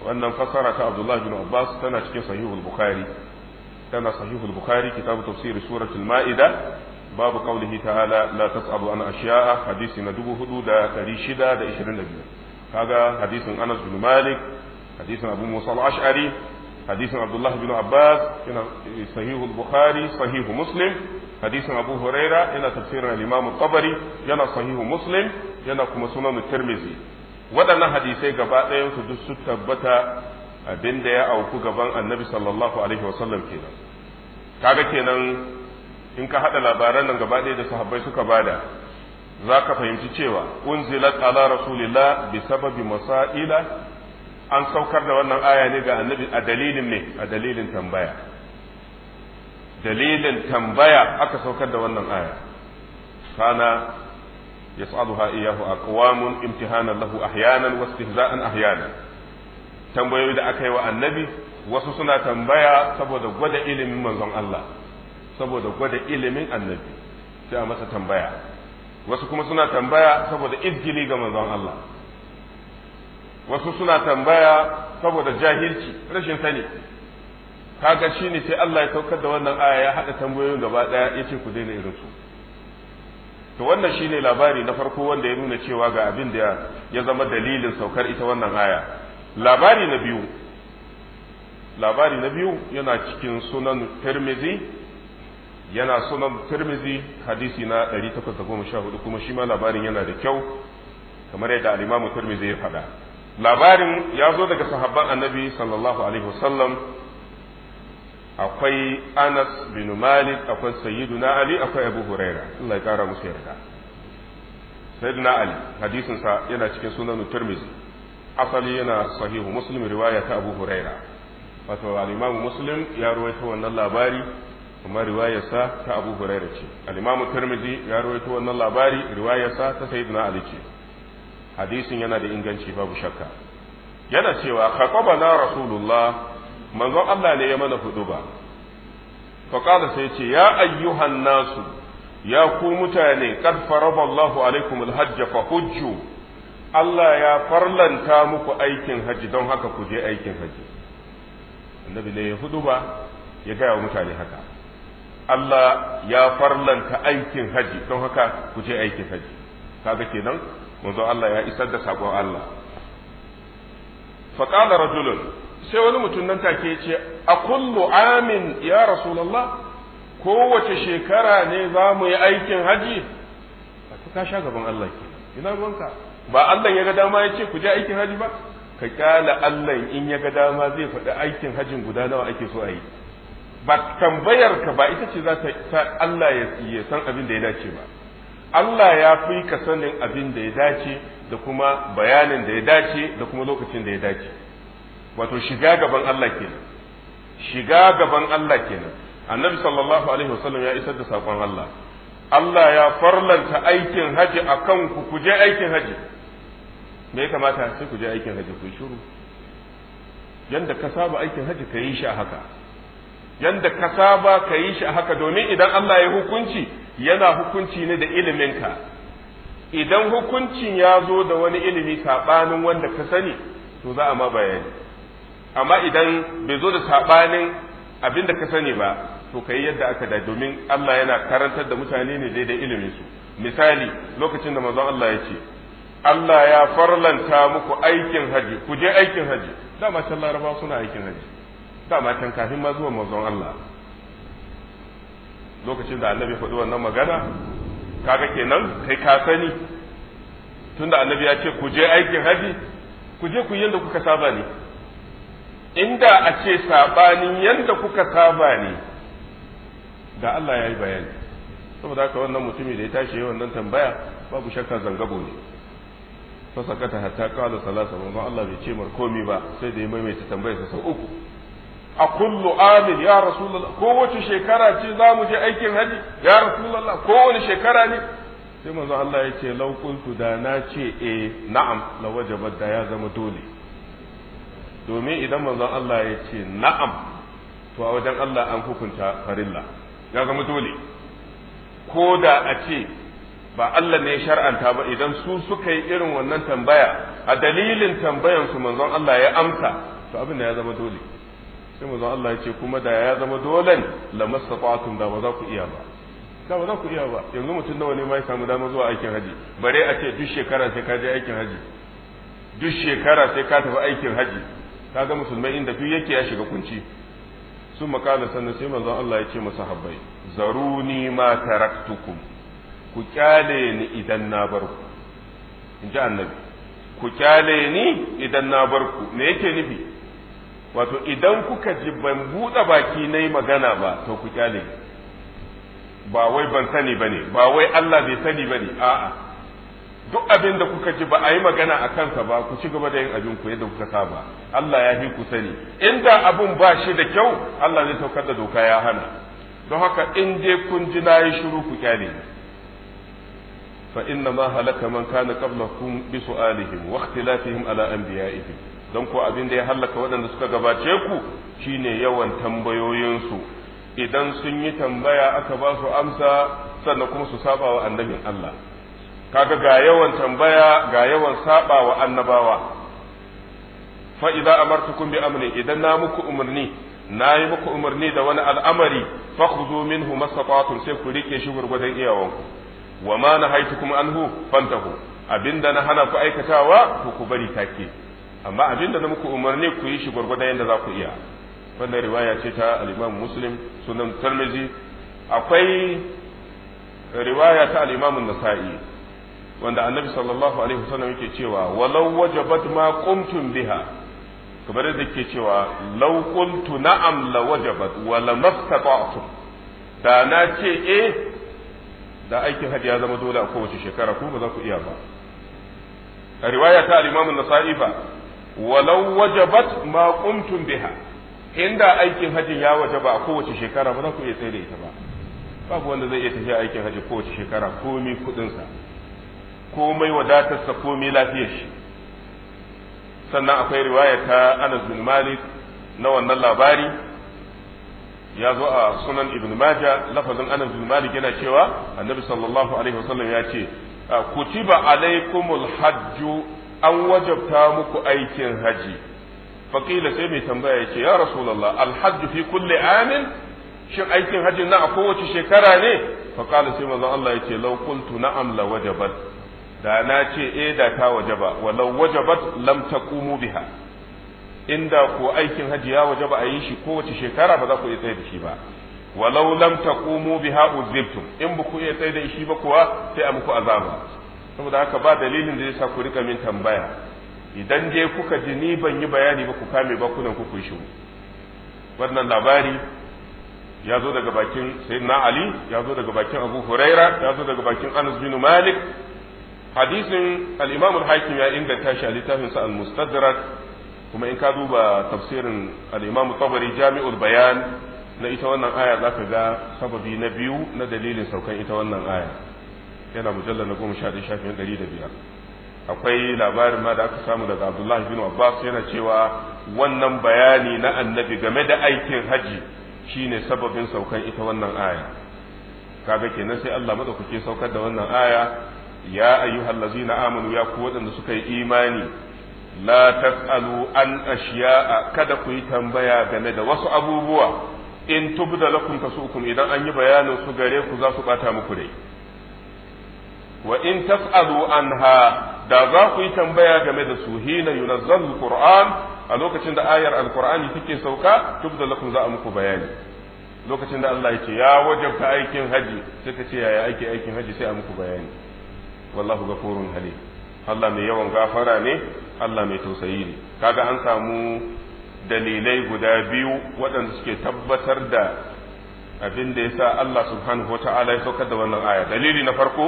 wannan fassara ta Abdullah bin Abbas tana cikin sahihul Bukhari tana sahihul Bukhari kitabu tafsir suratul Ma'ida babu qaulihi ta'ala la tas'alu an ashiya'a hadisi na 4622 kaga hadisin Anas bin Malik hadisin Abu Musa al-Ash'ari hadisin Abdullah bin Abbas yana sahihul Bukhari sahihu Muslim hadisin Abu Huraira yana tafsirin al-Imam yana sahihu Muslim yana kuma sunan Tirmidhi waɗannan hadisai gaba ɗayansu duk su tabbata abin da ya auku gaban annabi sallallahu alaihi wa sallam kenan kaga kenan in ka haɗa labaran nan gaba ɗaya da sahabbai suka bada za ka fahimci cewa unzilat ala rasulillah bi sababi masaila an saukar da wannan aya ne ga annabi a dalilin ne a dalilin tambaya dalilin tambaya aka saukar da wannan aya kana yas'aluha iyyahu aqwamun imtihanan lahu ahyanan wa istihza'an ahyanan tambayoyi da aka yi wa annabi wasu suna tambaya saboda gwada ilimin manzon Allah saboda gwada ilimin annabi sai a masa tambaya wasu kuma suna tambaya saboda izgili ga manzon Allah wasu suna tambaya saboda jahilci rashin sani kaga shine sai Allah ya saukar da wannan aya ya haɗa tambayoyin gaba ɗaya yace ku daina irin su to wannan shine labari na farko wanda ya nuna cewa ga abin da ya zama dalilin saukar ita wannan aya labari na biyu labari na biyu yana cikin sunan tirmizi yana sunan tirmizi hadisi na 814 kuma shi ma labarin yana da kyau kamar yadda al-imamu tirmizi ya faɗa labarin ya zo daga sahabban annabi sallallahu alaihi wasallam akwai Anas bin Malik akwai Sayyiduna Ali akwai Abu Huraira Allah ya kara musu yarda Sayyiduna Ali hadisin sa yana cikin sunan Tirmidhi asali yana sahihu Muslim riwaya ta Abu Huraira wato al-Imam Muslim ya rawaito wannan labari kuma riwayarsa ta Abu Huraira ce al-Imam Tirmidhi ya rawaito wannan labari riwayarsa ta Sayyiduna Ali ce hadisin yana da inganci babu shakka yana cewa khaqabana na Rasulullah manzon Allah ne ya mana hudu ba faƙada sai ce ya ayyuhan nasu ya ku mutane kad faraba Allahu alaikum alhajj fa hujju Allah ya farlanta muku aikin haji don haka ku je aikin haji annabi ne ya hudu ba ya gaya wa mutane haka Allah ya farlanta aikin haji don haka ku je aikin haji kaga kenan manzo Allah ya isar da sakon Allah faqala rajulun sai wani mutum nan take ya ce a kullu amin ya rasulullah kowace shekara ne za mu yi aikin haji A ka sha gaban Allah ke ina ruwanka ba Allah ya ga dama ya ce ku je aikin haji ba ka kyala Allah in ya ga dama zai faɗi aikin hajin guda nawa ake so a yi ba tambayar ka ba ita ce za ta sa Allah ya san abin da ya dace ba Allah ya fi ka sanin abin da ya dace da kuma bayanin da ya dace da kuma lokacin da ya dace wato shiga gaban Allah kenan shiga gaban Allah kenan annabi sallallahu alaihi wasallam ya isar da sakon Allah Allah ya farlanta aikin haji akan ku ku je aikin haji me kamata sai ku je aikin haji ku shiru yanda ka saba aikin haji ka yi shi a haka yanda ka saba ka yi shi a haka domin idan Allah ya hukunci yana hukunci ne da iliminka idan hukuncin ya zo da wani ilimi saɓanin wanda ka sani to za a ma bayani amma idan bai zo da sabanin abin da ka sani ba to ka yi yadda aka da domin Allah yana karantar da mutane ne daidai ilimin su misali lokacin da manzon Allah ya ce Allah ya farlanta muku aikin haji ku je aikin haji dama can laraba suna aikin haji dama can kafin ma zuwa manzon Allah lokacin da annabi faɗi wannan magana kaga kenan kai ka sani tunda annabi ya ce ku je aikin haji ku je ku yi yadda kuka saba ne inda a ce saɓanin yadda kuka saba ne da Allah ya yi bayani saboda haka wannan mutumi da ya tashi yi wannan tambaya babu shakka zangabo ne sakata hatta qala salasa manzo Allah bai ce mar komi ba sai da ya maimaita tambayar sa sau uku a kullu amin ya rasulullah ko wace shekara ce za mu je aikin haji ya rasulullah ko wani shekara ne sai manzo Allah ya ce lau kuntu da na ce eh na'am lawajabat da ya zama dole domin idan manzon Allah ya ce na'am to a wajen Allah an hukunta farilla ya zama dole ko da a ce ba Allah ne shar'anta ba idan su suka yi irin wannan tambaya a dalilin tambayan su manzon Allah ya amsa to abin da ya zama dole sai manzon Allah ya ce kuma da ya zama dolen lamastata'tum da ba za ku iya ba da ba za ku iya ba yanzu mutum nawa ne ma ya samu dama zuwa aikin haji bare a ce duk shekara sai ka je aikin haji duk shekara sai ka tafi aikin haji ga musulmai inda fi yake ya shiga kunci sun makala sannan sai manzon Allah ya ce masa habbai zaruni ma taraktukum ku kyale ni idan na bar in ji annabi ku kyale ni idan na bar ku me yake nufi wato idan kuka ji ban buɗe baki na yi magana ba to ku kyale ba wai ban sani ba ne ba wai Allah bai sani ba ne a'a duk abin da kuka ji ba a yi magana a kansa ba ku ci gaba da yin abin ku yadda kuka saba Allah ya fi ku sani inda abin ba shi da kyau Allah zai saukar da doka ya hana don haka in dai kun ji na yi shiru ku kyale fa inna ma halaka man kana qablakum bi su'alihim wa ikhtilafihim ala anbiya'ihim don ko abin da ya halaka waɗanda suka gabace ku shine yawan tambayoyinsu idan sun yi tambaya aka ba su amsa sannan kuma su saba wa annabin Allah kaga ga yawan tambaya ga yawan saba wa annabawa fa idza amartukum bi amri idan na muku umarni na yi muku umarni da wani al'amari fa khudhu minhu masakwatun sai ku rike shi gurgudan iyawanku wa ma nahaytukum anhu fantahu abinda na hana ku aikatawa ku ku bari take amma abinda na muku umarni ku yi shi gurgudan yadda za ku iya wannan riwaya ce ta al-Imam Muslim sunan Tirmidhi akwai riwaya ta al-Imam Nasa'i wanda annabi sallallahu alaihi wasallam yake cewa walau wajabat ma qumtum biha kamar da yake cewa law qultu na'am la wajabat wa la mastata'tum da na ce eh da aikin hajji ya zama dole a kowace shekara ku ba za ku iya ba a riwaya ta al-Imam an-Nasa'i fa walau wajabat ma qumtum biha inda aikin hajji ya wajaba a kowace shekara ba za ku iya tsaye da ita ba babu wanda zai iya tafiya aikin hajji kowace shekara komi kudin sa komai wadatarsa komai lafiyar shi sannan akwai riwaya ta anas bin malik na wannan labari ya zo a sunan ibn majah lafazin anas bin malik yana cewa annabi sallallahu alaihi wasallam ya ce kutiba alaikumul hajju an wajabta muku aikin haji faƙila sai mai tambaya ya ce ya rasulallah alhajju fi kulli amin shin aikin hajji na a kowace shekara ne faƙala sai manzon Allah ya ce lau qultu na'am la wajabat da na ce e da ta wajaba walau wajabat lam taqumu biha inda ko aikin haji ya ba a yi shi kowace shekara ba za ku iya tsaye da shi ba walau lam taqumu biha uzibtum in ba ku iya tsaye da shi ba kuwa sai a muku azaba saboda haka ba dalilin da zai sa ku rika min tambaya idan je kuka ji ni ban yi bayani ba ku kame bakunan ku kun shiru wannan labari ya zo daga bakin sayyidina ali ya zo daga bakin abu huraira ya zo daga bakin anas bin malik hadisin al al-hakim ya inganta shi a littafin sa al-mustadrak kuma in ka duba tafsirin al-imam tabari jami'ul bayan na ita wannan aya zaka ga sababi na biyu na dalilin saukan ita wannan aya yana mujallar na goma sha ɗaya shafin ɗari da biyar akwai labarin ma da aka samu daga abdullahi bin abbas yana cewa wannan bayani na annabi game da aikin haji shine sababin saukan ita wannan aya kaga kenan sai Allah madaukake saukar da wannan aya ya ayyuhal ladzina amanu ya ku waɗanda suka yi imani la tasalu an ashiya'a kada ku yi tambaya game da wasu abubuwa in tubda lakum tasukum idan an yi bayanin su gare ku za su bata muku dai. wa in tas'alu anha da za ku yi tambaya game da su hina yunazzal alquran a lokacin da ayar alqur'ani take sauka tubda lakum za a muku bayani lokacin da Allah ya ce ya wajabta aikin haji sai ka ce yaya ake aikin haji sai a muku bayani wallahu gafurun halim Allah mai yawan gafara ne Allah mai tausayi ne kaga an samu dalilai guda biyu waɗanda suke tabbatar da abin da yasa Allah subhanahu wata'ala ya saukar da wannan aya dalili na farko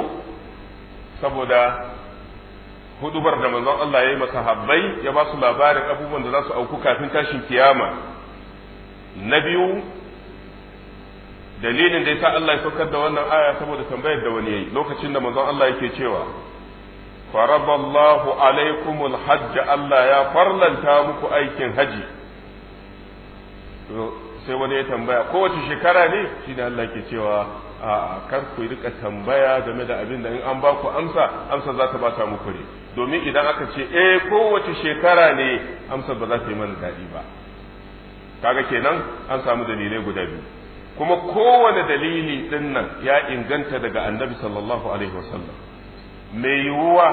saboda hudubar da manzon Allah ya yi masahabbai ya ba su labarin abubuwan da za su auku kafin tashin kiyama na biyu dalilin da yasa Allah ya saukar da wannan aya saboda tambayar da wani yayi lokacin da manzon Allah yake cewa faraballahu alaikumul hajj Allah ya farlanta muku aikin haji sai wani ya tambaya kowace shekara ne shi shine Allah ke cewa a'a kar ku rika tambaya game da abin da in an ba ku amsa amsa za ta bata muku ne domin idan aka ce eh kowace shekara ne amsa ba za ta yi mana daɗi ba kaga kenan an samu dalilai guda biyu kuma kowane dalili din nan ya inganta daga annabi sallallahu alaihi wasallam mai yiwuwa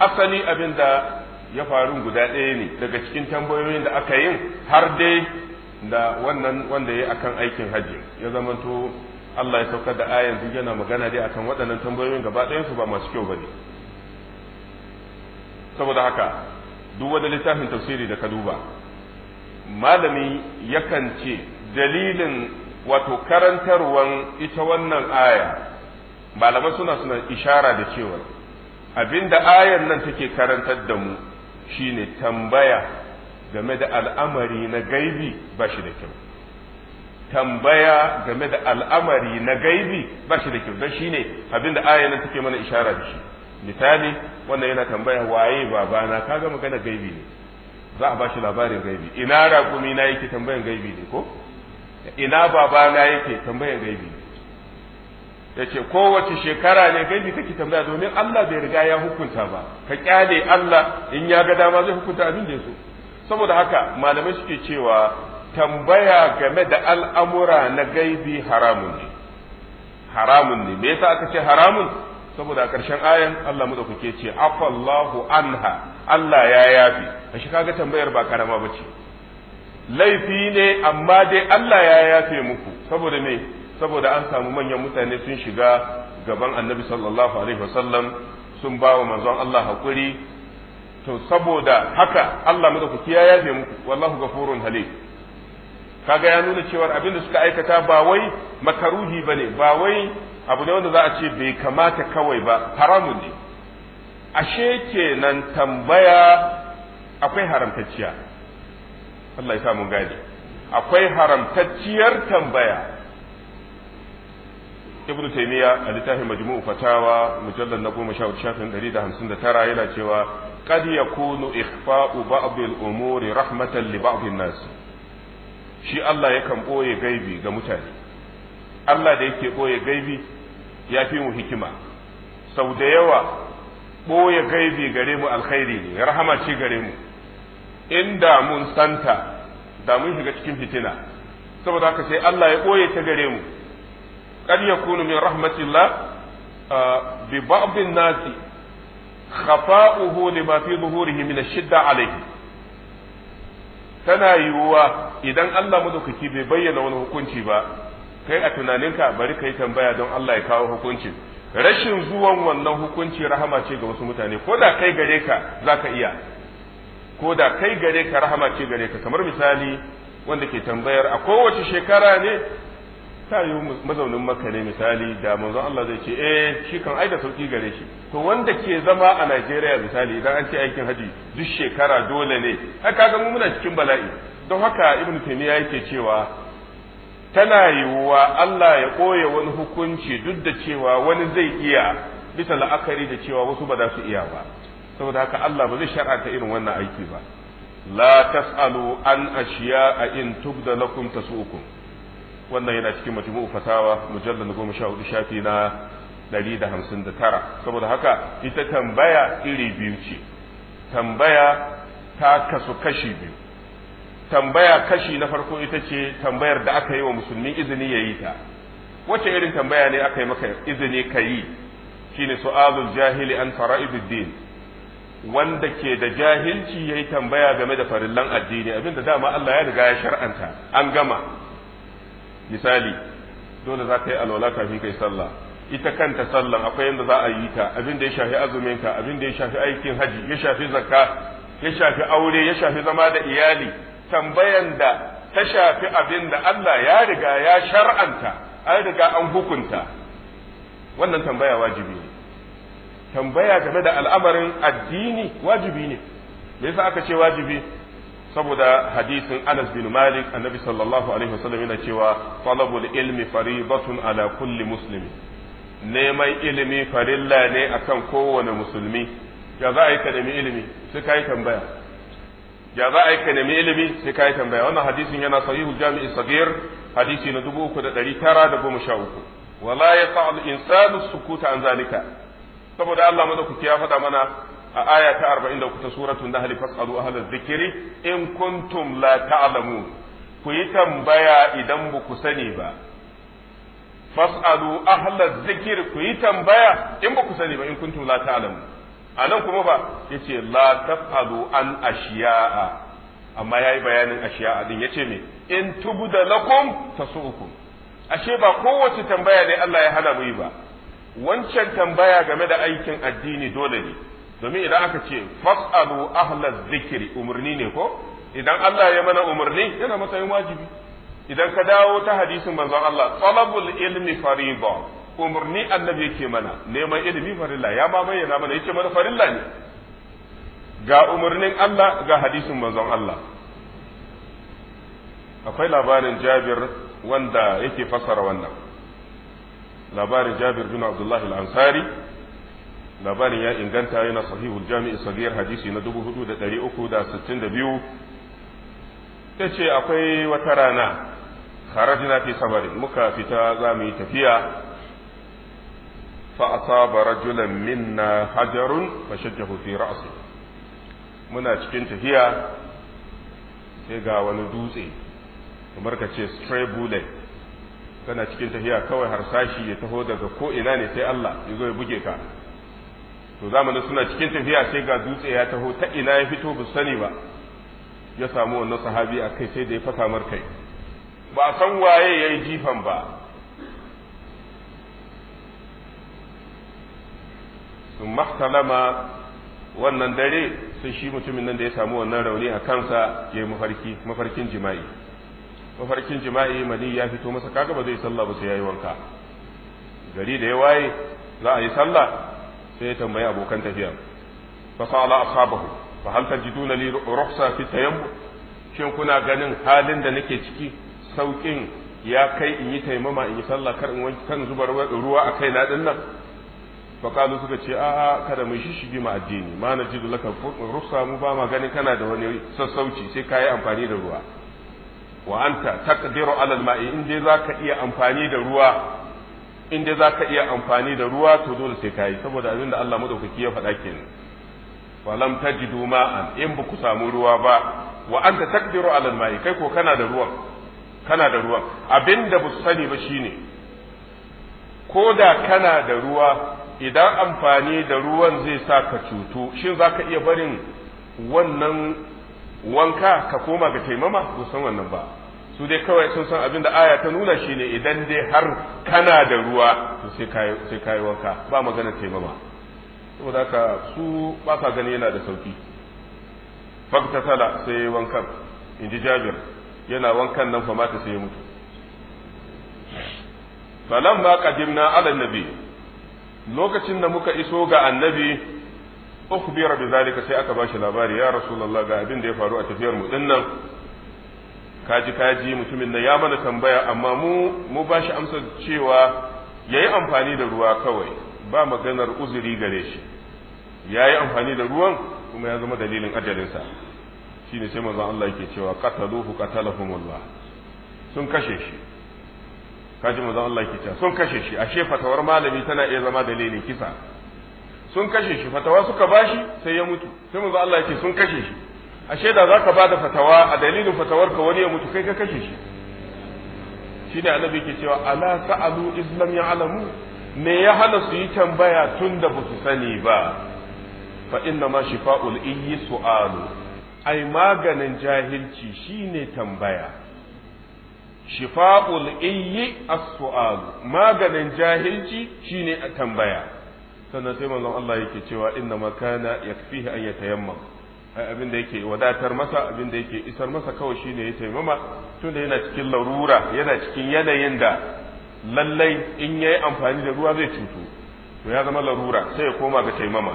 asali abin da ya faru guda ɗaya ne daga cikin tambayoyin da aka yin har dai da wannan wanda ya akan aikin hajji ya zamanto Allah ya saukar da ayan yana magana dai akan waɗannan tambayoyin gaba ɗayan su ba masu kyau bane saboda haka duk wanda littafin tafsiri da ka duba malami yakan ce dalilin wato karantarwan ita wannan aya malamai suna suna ishara da cewa abinda ayan nan take karantar da mu shine tambaya game da al'amari na gaibi ba shi da kyau tambaya game da al'amari na gaibi ba shi da kyau don shine abinda ayan nan take mana ishara da shi misali wannan yana tambaya waye babana kaga magana gaibi ne za a ba shi labarin gaibi ina raƙumi na yake tambayan gaibi ne ko ina babana yake tambayar gaibi ya ce kowace shekara ne gaibi kake tambaya domin Allah bai riga ya hukunta ba ka kyale Allah in ya ga dama zai hukunta abin da ya saboda haka malamai suke cewa tambaya game da al'amura na gaibi haramun ne haramun ne me yasa aka ce haramun saboda karshen ayan Allah kuke ce afallahu anha Allah ya yafi a shi kaga tambayar ba karama bace laifi ne amma dai Allah ya yafe muku saboda me saboda an samu manyan mutane sun shiga gaban annabi sallallahu alaihi wasallam sun ba wa manzon Allah hakuri to saboda haka Allah ku ya yafe muku wallahu gafurun halim kaga ya nuna cewa abin da suka aikata ba wai makaruhi bane ba wai abu ne wanda za a ce bai kamata kawai ba haramun ne ashe kenan tambaya akwai haramtacciya Allah ya mu gadi akwai haramtacciyar tambaya ibnu taymiya a littafin majmu'u fatawa mujallal na goma shafin ɗari da hamsin da tara yana cewa qad yakunu ikhfa'u ba'd al-umuri rahmatan li ba'd nas shi Allah yakan boye gaibi ga mutane Allah da yake boye gaibi ya fi mu hikima sau da yawa boye gaibi gare mu alkhairi ne rahama ce gare mu inda mun santa da mun shiga cikin fitina saboda haka sai Allah ya ɓoye ta gare mu kad yakunu min rahmatillah bi ba'dhin nasi khafa'uhu lima fi zuhurihi min ash-shidda alayhi tana yiwuwa idan Allah madaukaki bai bayyana wani hukunci ba kai a tunaninka bari kai tambaya don Allah ya kawo hukuncin rashin zuwan wannan hukunci rahama ce ga wasu mutane ko da kai gare ka zaka iya ko da kai gare ka rahama ce gare ka kamar misali wanda ke tambayar a kowace shekara ne ta yi mazaunin maka ne misali da manzon Allah zai ce eh shi kan aida sauki gare shi to wanda ke zama a Najeriya misali idan an ce aikin haji duk shekara dole ne haka ga mu muna cikin bala'i don haka ibn Taymiyyah yake cewa tana yiwuwa Allah ya koya wani hukunci duk da cewa wani zai iya bisa la'akari da cewa wasu ba za su iya ba saboda haka Allah ba zai shar'anta irin wannan aiki ba la tas'alu an a in tubda lakum tasu'ukum wannan yana cikin majmu'u fatawa mujallal 14 shafi na 159 saboda haka ita tambaya iri biyu ce tambaya ta kasu kashi biyu tambaya kashi na farko ita ce tambayar da aka yi wa musulmi izini ya yi ta wace irin tambaya ne aka yi maka izini ka yi shine su'alul jahili an fara'idud din wanda ke da jahilci yayi tambaya game da farillan addini abinda dama Allah ya riga ya shar'anta an gama misali dole za ka yi alwala kafin kai sallah ita kanta sallah akwai yadda za a yi ta abin ya shafi azumin ka abin da ya shafi aikin haji ya shafi zakka ya shafi aure ya shafi zama da iyali tambayan da ta shafi abin da Allah ya riga ya shar'anta an riga an hukunta wannan tambaya wajibi ne tambaya game da al'amarin addini wajibi ne me yasa aka ce wajibi saboda hadisin Anas bin Malik annabi sallallahu alaihi wasallam yana cewa talabul ilmi faridatun ala kulli muslimi neman ilimi farilla ne akan kowane musulmi ya za a yi ka nemi ilimi sai ka yi tambaya ya za a yi ka nemi ilimi sai ka yi tambaya wannan hadisin yana sahihul jami'i sagir hadisi na dubu uku da da tara goma sha uku. wala yaqa'u al-insanu sukuta an zalika saboda Allah madaukaki ya faɗa mana a aya ta da kuta suratun nahl fasalu ahlaz zikiri, in kuntum la ta'lamun ku yi tambaya idan ba ku sani ba fasalu ahlaz zikiri, ku yi tambaya in ba ku sani ba in kuntum la A nan kuma ba yace la tafalu an ashiya'a amma yayi bayanin ashiya'a din yace me in tubu da lakum tasu'ukum ashe ba kowace tambaya ne Allah ya hana mu yi ba wancan tambaya game da aikin addini dole ne domin idan aka ce fas'alu ahlaz zikiri umarni ne ko idan Allah ya mana umarni yana matsayin wajibi idan ka dawo ta hadisin manzon Allah talabul ilmi fariba umarni annabi yake mana neman ilimi farilla ya ma bayyana mana yace mana farilla ne ga umarnin Allah ga hadisin manzon Allah akwai labarin Jabir wanda yake fassara wannan labarin jabir bin abdullahi al-ansari labarin ya inganta yana sahihul jami'i sagir hadisi na 4362 tace akwai wata rana kharajna fi sabarin muka fita za mu yi tafiya fa asaba rajulan minna hajarun fa shajjahu fi ra'si muna cikin tafiya sai ga wani dutse kamar ka ce stray bullet kana cikin tafiya kawai harsashi ya taho daga ko ina ne sai Allah ya zo ya buge ka to zamanin suna cikin tafiya sai ga dutse ya taho ta ina ya fito bu sani ba ya samu wannan sahabi a kai sai da ya fasa mar kai ba a san waye yayi jifan ba sun mahtalama wannan dare sai shi mutumin nan da ya samu wannan rauni a kansa ya mafarki mafarkin jima'i mafarkin jima'i mani ya fito masa kaga ba zai sallah ba sai yayi wanka gari da ya waye za a yi sallah sai ya tambayi abokan tafiya fa sala ashabahu fa hal tajiduna li ruhsa fi tayammum shin kuna ganin halin da nake ciki saukin ya kai in yi taimama in yi sallah kar in wanki kan zubar ruwa a kai na dinnan fa kalu suka ce a kada mu shi shige ma addini ma jidu laka ruhsa mu ba ma ganin kana da wani sassauci sai kai amfani da ruwa wa anta taqdiru ala al-ma'i in dai zaka iya amfani da ruwa in dai zaka iya amfani da ruwa to dole sai kai saboda abin da Allah madaukaki ya faɗa kenan wa lam tajidu ma'an in ba ku samu ruwa ba wa anta taqdiru ala al-ma'i kai ko kana da ruwan kana da ruwan abinda ba su sani ba shine ko da kana da ruwa idan amfani da ruwan zai sa ka cutu shin zaka iya barin wannan wanka ka koma ga taimama ko san wannan ba su dai kawai sun san abin da aya ta nuna shine idan dai har kana da ruwa to sai kayi wanka ba magana taimama saboda haka su ba sa gani yana da sauki sala sai yayi wankan in ji jabir yana wankan nan fa mata sai ya mutu falamma qadimna ala nabi lokacin da muka iso ga annabi ukhbira bi zalika sai aka bashi labari ya rasulullah ga abin da ya faru a tafiyar mu dinnan kaji kaji mutumin nan ya mana tambaya amma mu mu bashi amsa cewa yayi amfani da ruwa kawai ba maganar uzuri gare shi yayi amfani da ruwan kuma ya zama dalilin ajalinsa shine sai manzon Allah yake cewa qataluhu qatalahumullah sun kashe shi kaji manzon Allah yake cewa sun kashe shi ashe fatawar malami tana iya zama dalilin kisa sun kashe shi fatawa suka bashi sai ya mutu sai manzo Allah yake sun kashe shi ashe da zaka da fatawa a dalilin fatawar ka wani ya mutu kai ka kashe shi Shi ne annabi yake cewa ala sa'alu islam ya'lamu me ya hana su yi tambaya tun da ba su sani ba fa inna ma shifa'ul iyyi su'alu ai maganin jahilci shine tambaya shifa'ul iyyi as-su'al maganin jahilci shine tambaya sannan sai manzon Allah yake cewa inna makana yakfihi an yatayammam ai abin da yake wadatar masa abin da yake isar masa kawai shine ya tun da yana cikin larura yana cikin yanayin da lallai in yayi amfani da ruwa zai cutu to ya zama larura sai ya koma ga taimama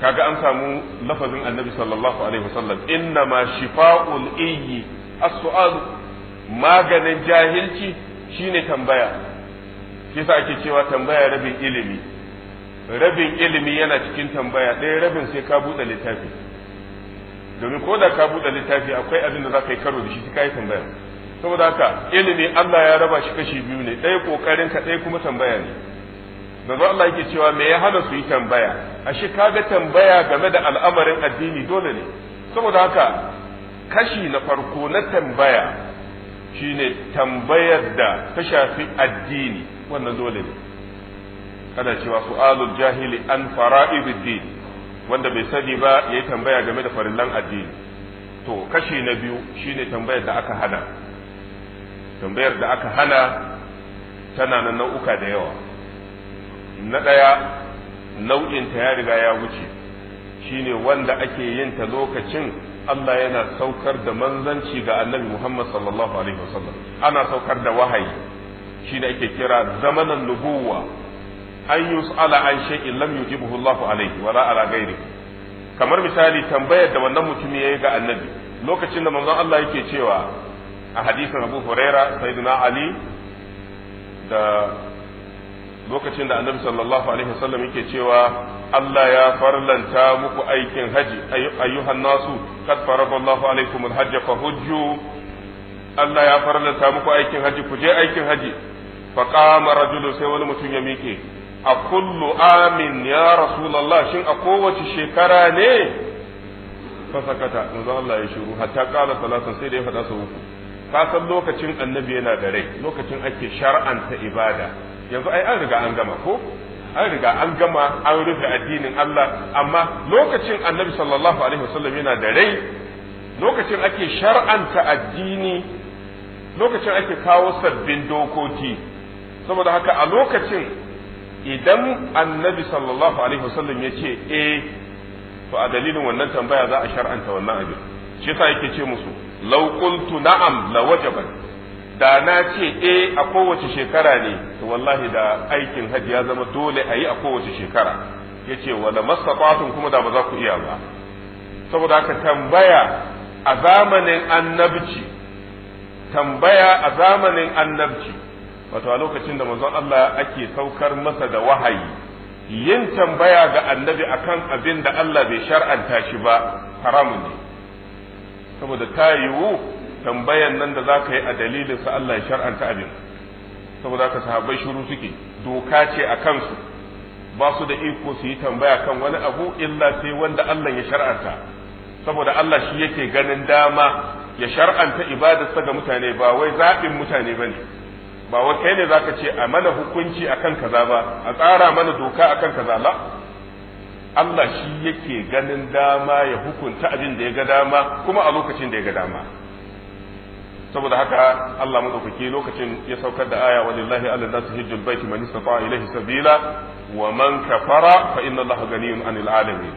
kaga an samu lafazin annabi sallallahu alaihi wasallam inna ma shifa'ul iyyi as-su'al maganin jahilci shine tambaya shi yasa ake cewa tambaya rabin ilimi rabin ilimi yana cikin tambaya ɗaya rabin sai ka buɗe littafi domin ko da ka buɗe littafi akwai abin da za ka yi karo da shi sai ka yi tambaya saboda haka ilimi Allah ya raba shi kashi biyu ne ɗaya ƙoƙarin ka ɗaya kuma tambaya ne manzo Allah yake cewa me ya hana su yi tambaya ashe ga tambaya game da al'amarin addini dole ne saboda haka kashi na farko na tambaya shine tambayar da ta shafi addini wannan dole ne kada cewa su'alul jahili an fara'idid din wanda bai sani ba yayi tambaya game da farillan addini to kashi na biyu shine tambayar da aka hana tambayar da aka hana tana nan nau'uka da yawa na ɗaya nau'in ta ya riga ya wuce shine wanda ake yin ta lokacin Allah yana saukar da manzanci ga annabi Muhammad sallallahu alaihi wasallam ana saukar da wahayi shi ne ake kira zamanin nubuwa an yus'ala an shay'in lam yujibuhu Allahu alaihi wala ala ghairi kamar misali tambayar da wannan mutum yi ga annabi lokacin da manzon Allah yake cewa a hadisin Abu Huraira sayyidina Ali da lokacin da annabi sallallahu alaihi wasallam yake cewa Allah ya farlanta muku aikin haji ayyuhan nasu qad faradallahu alaikumul hajj fa hujju Allah ya farlanta muku aikin haji ku je aikin haji فقام rajulun sai wani mutum ya mike a رسول amin ya rasulullah shin a kowace shekara ne fa sakata manzo hatta qala salatan sai da ya faɗa sau uku ka san lokacin annabi yana da rai lokacin ake shar'anta ibada yanzu ai an riga an gama ko an riga an gama an rufe addinin Allah amma lokacin annabi sallallahu alaihi wasallam yana da rai lokacin ake shar'anta addini lokacin ake kawo sabbin dokoki saboda haka a lokacin idan annabi sallallahu alaihi wasallam ya ce eh to a dalilin wannan tambaya za a shar'anta wannan abin shi yasa yake ce musu law qultu na'am la wajabat da na ce eh a kowace shekara ne to wallahi da aikin hajji ya zama dole a yi a kowace shekara yace wala masafatun kuma da ba za ku iya ba saboda haka tambaya a zamanin annabci tambaya a zamanin annabci wato a lokacin da manzon Allah ake saukar masa da wahayi yin tambaya ga annabi akan abin da Allah bai shar'anta shi ba haramun ne saboda ta yiwu tambayan nan da zaka yi a dalilin sa Allah ya shar'anta abin saboda ka sahabbai shiru suke doka ce a kansu ba su da iko su yi tambaya kan wani abu illa sai wanda Allah ya shar'anta saboda Allah shi yake ganin dama ya shar'anta ibadarsa ga mutane ba wai zaɓin mutane ba ne ba wa kai ne ka ce a mana hukunci akan kaza ba a tsara mana doka akan kaza ba Allah shi yake ganin dama ya hukunta abin da ya ga dama kuma a lokacin da ya ga dama saboda haka Allah madaukaki lokacin ya saukar da aya walillahi ala nasu hijjul baiti man istata'a ilayhi sabila wa man kafara fa inna Allah ganiyun anil alamin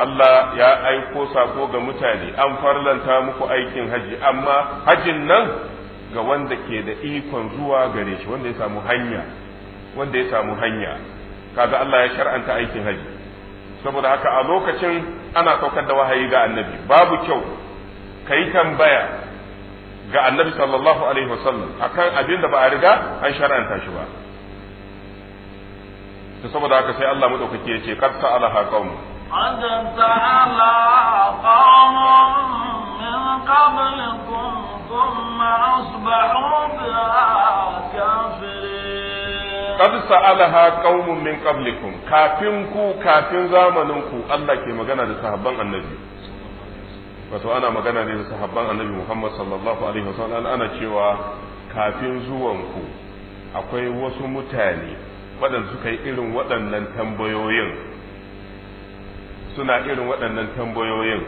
Allah ya aiko sako ga mutane an farlanta muku aikin haji amma hajin nan ga wanda ke da ikon zuwa gare shi wanda ya samu hanya wanda ya samu hanya kaga Allah ya shar'anta aikin haji saboda haka a lokacin ana saukar da wahayi ga annabi babu kyau kai tambaya ga annabi sallallahu alaihi wasallam akan abin da ba a riga an shar'anta shi ba to saboda haka sai Allah madaukake ya ce qad sa'alaha qaum qad sa'ala qaumun من قبلكم ثم أصبحوا بها كافرين قد سألها kafin من ku كافنكو كافن Allah ke magana da لصحبان النبي wato ana magana ne da sahabban annabi Muhammad sallallahu alaihi wasallam ana cewa kafin zuwanku akwai wasu mutane waɗanda suka yi irin waɗannan tambayoyin suna irin waɗannan tambayoyin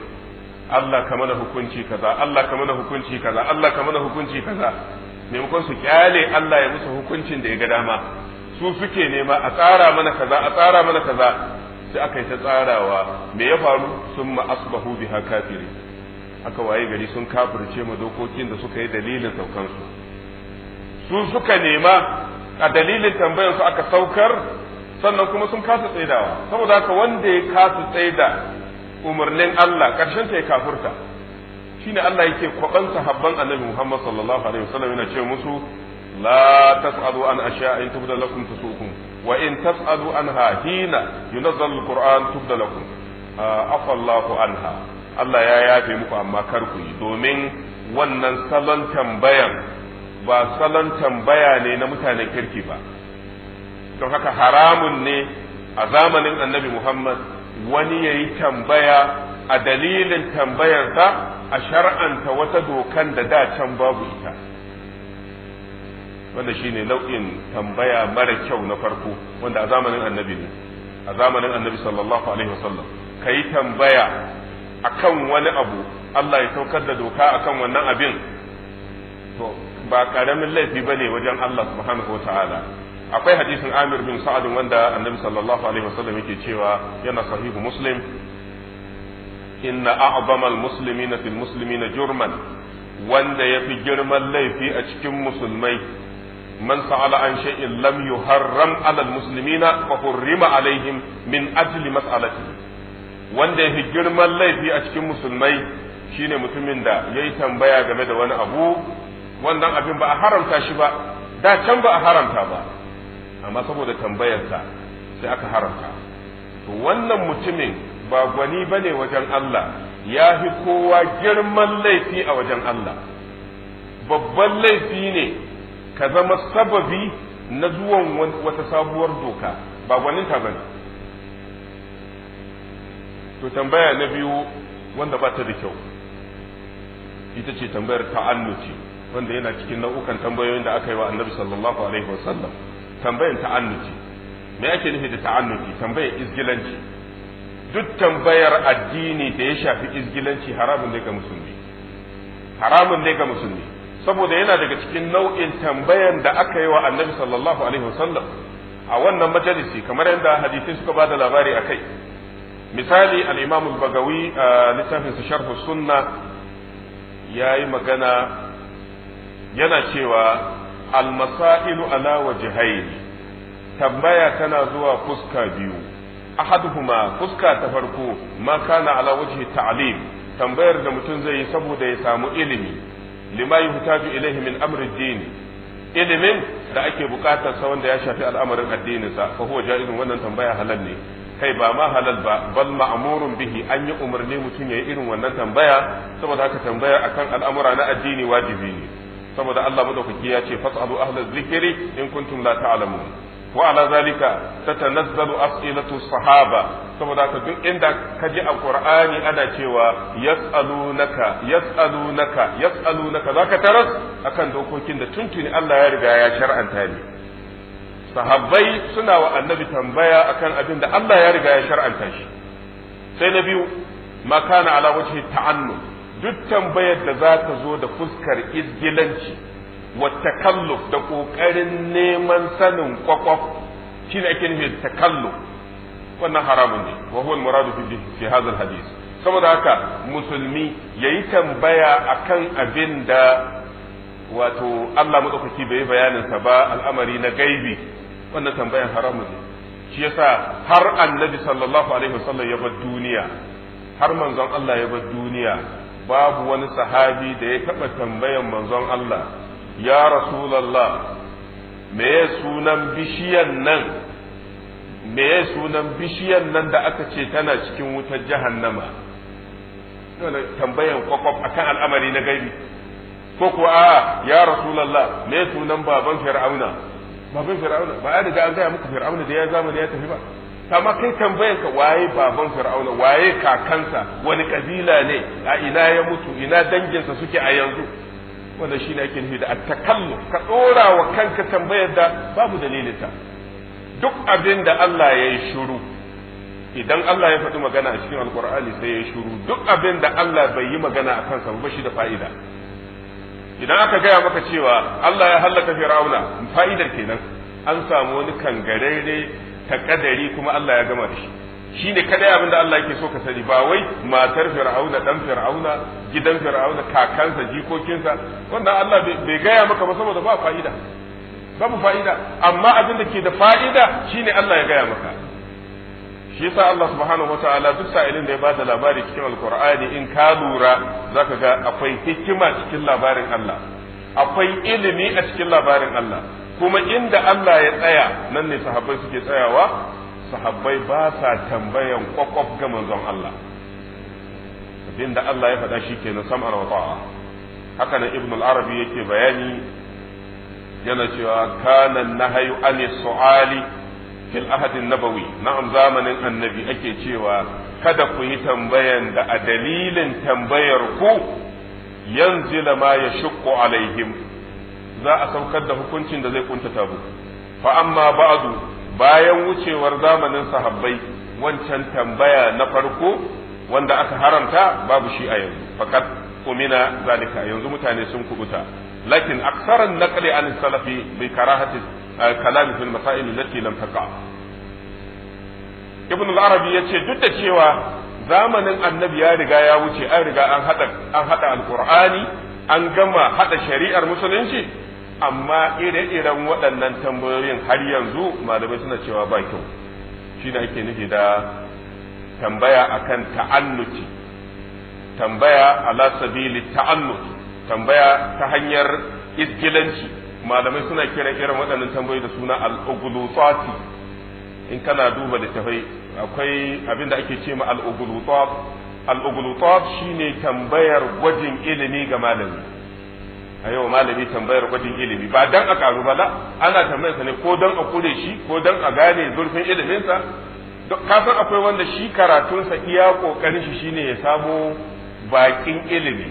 Allah ka mana hukunci kaza Allah ka mana hukunci kaza Allah ka mana hukunci kaza maimakon su kyale Allah ya musu hukuncin da ya ga dama su suke nema a tsara mana kaza a tsara mana kaza sai aka yi ta tsarawa me ya faru sun ma asbahu biha kafiri aka waye gari sun kafirce ma dokokin da suka yi dalilin saukansu su suka nema a dalilin tambayar su aka saukar sannan kuma sun kasa tsaidawa saboda haka wanda ya kasa tsaida umarnin Allah ƙarshen ta ya kafurta shine Allah yake kwaban sahabban annabi Muhammad sallallahu alaihi wasallam yana ce musu la tas'alu an ashiya in tubda lakum tusukum wa in tas'alu anha hina yunazzal alquran tubda lakum ah, afa Allahu anha Allah ya yafe muku amma kar ku yi domin wannan salon tambayan ba salon tambaya ne na mutanen kirki ba don haka haramun ne a zamanin annabi Muhammad wani ya yi tambaya a dalilin tambayarsa a shar'anta wata dokan da da can babu ita wanda shine nau'in tambaya mara kyau na farko wanda a zamanin annabi ne a zamanin annabi sallallahu alaihi wasallam ka yi tambaya a kan wani abu Allah ya saukar da doka a kan wannan abin to ba ƙaramin laifi ba ne wajen Allah subhanahu wa ta'ala akwai hadisin amir bin sa'ad wanda annabi sallallahu alaihi wasallam yake cewa yana sahihu muslim inna a'zama al-muslimina fil muslimina jurman wanda yafi girman laifi a cikin musulmai man sa'ala an shay'in lam yuharram 'ala al fa hurrima alaihim min ajli mas'alati wanda yafi girman laifi a cikin musulmai shine mutumin da yayi tambaya game da wani abu wannan abin ba a haramta shi ba da can ba a haramta ba amma saboda tambayarsa sai aka haramta to wannan mutumin ba gwani bane wajen Allah ya fi kowa girman laifi a wajen Allah babban laifi ne ka zama sababi na zuwan wata sabuwar doka ba gwaninta bane to tambaya na biyu wanda ba ta da kyau ita ce tambayar ta'annuci wanda yana cikin nau'ukan tambayoyin da aka yi wa annabi sallallahu alaihi wasallam tambayan ta'annuci me ake nufi da ta'annuci tambayar izgilanci duk tambayar addini da ya shafi izgilanci haramun ne ga musulmi haramun ne ga musulmi saboda yana daga cikin nau'in tambayan da aka yi wa annabi sallallahu alaihi wasallam a wannan majalisi kamar yadda hadisi suka ba da labari a kai misali al-imam al-bagawi a littafin sa sharh sunna yayi magana yana cewa almasa almasailu ala wajhaini tambaya tana zuwa fuska biyu ahaduhuma fuska ta farko maka na ala ta'lim tambayar da mutum zai yi saboda ya samu ilimi lima yuhtaju ilaihi min amri din ilimin da ake bukatar sa wanda ya shafi al'amarin addinin sa fa wannan tambaya halal ne kai ba ma halal ba bal ma'amurin bihi an yi umarni mutum ya yi irin wannan tambaya saboda haka tambaya kan al'amura na addini wajibi ne saboda Allah ku ya ce fas'alu ahla zikiri, in kuntum la ta'lamun wa ala zalika tatanazzalu as'ilatu sahaba saboda ka duk inda ka ji alqur'ani ana cewa yas'alunaka yas'alunaka yas'alunaka zaka taras akan dokokin da tuntuni Allah ya riga ya shar'anta ne sahabbai suna wa annabi tambaya akan abin da Allah ya riga ya shar'anta shi sai na biyu ma kana ala wajhi ta'annum duk tambayar da za ta zo da fuskar izgilanci wata kallo da ƙoƙarin neman sanin kwakwaf shi ne ake nufi kallo, wannan haramun ne wa huwa muradu fi hadha hadis saboda haka musulmi yayi tambaya akan abin da wato Allah madaukaki bai bayanin sa ba al'amari na gaibi wannan tambayan haramun ne shi yasa har annabi sallallahu alaihi wasallam ya bar duniya har manzon Allah ya bar duniya babu wani sahabi da ya taɓa tambayan manzon Allah ya rasulallah me sunan bishiyan nan me sunan bishiyan nan da aka ce tana cikin wutar jahannama tambayan kwakwaf akan al'amari na gari. ko kuwa a ya rasulallah me sunan baban fir'auna baban fir'auna ba a riga an gaya muku fir'auna da ya zamani ya tafi ba amma kai tambayan ka waye baban fir'auna waye kakansa wani kabila ne a ina ya mutu ina danginsa suke a yanzu wanda ne ake nufi da attakallu ka dora wa kanka tambayar da babu dalilinta duk abin da Allah ya yi shiru idan Allah ya faɗi magana a cikin alkur'ani sai ya yi shiru duk abin da Allah bai yi magana a kansa ba shi da fa'ida idan aka gaya maka cewa Allah ya hallaka fir'auna fa'idar kenan an samu wani kangarere ta kadari kuma Allah ya gama da shi shi ne kadai abin da Allah yake so ka sani ba wai matar fir'auna dan fir'auna gidan fir'auna kakansa jikokinsa wannan Allah bai gaya maka ba saboda ba fa'ida babu fa'ida amma abin da ke da fa'ida shi ne Allah ya gaya maka shi yasa Allah subhanahu wataala duk sa'ilin da ya bada labari cikin alqur'ani in ka lura zaka ga akwai hikima cikin labarin Allah akwai ilimi a cikin labarin Allah kuma inda Allah ya tsaya nan ne sahabbai suke tsayawa sahabbai ba sa tambayan kwakwaf ga manzon Allah inda Allah ya faɗa shi na sam'ar wa haka na ibn al-arabi yake bayani yana cewa kana nahayu an su'ali fil ahad nabawi na'am zamanin annabi ake cewa kada ku yi tambayan da a dalilin tambayar ku ya ma yashqu alaihim za a saukar da hukuncin da zai kuntata mu fa amma ba'du bayan wucewar zamanin sahabbai wancan tambaya na farko wanda aka haramta babu shi a yanzu Fakat umina zalika yanzu mutane sun kubuta lakin aksaran naqli an salafi bi karahati eh, kalam fil masail allati lam taqa ibn al-arabi yace duk da cewa zamanin annabi ya riga ya wuce an riga an hada an hada alqur'ani an gama hada shari'ar musulunci amma ire-iren waɗannan tambayoyin har yanzu malamai suna cewa ba kyau shi da ake nufi da tambaya a kan ta'annuti tambaya a sabili ta'annuti tambaya ta hanyar izgilanci malamai suna kiran irin waɗannan tambayoyi da suna al'ugulutsati in kana duba tafai akwai abin da ake ce ma al'ugulutsat shi shine tambayar gwajin ilimi ga malami a yau malami tambayar gwajin ilimi ba dan a karu ba ana tambayar sa ne ko dan a kure shi ko dan a gane zurfin ilimin sa ka san akwai wanda shi karatun sa iya kokarin shi shine ya samo bakin ilimi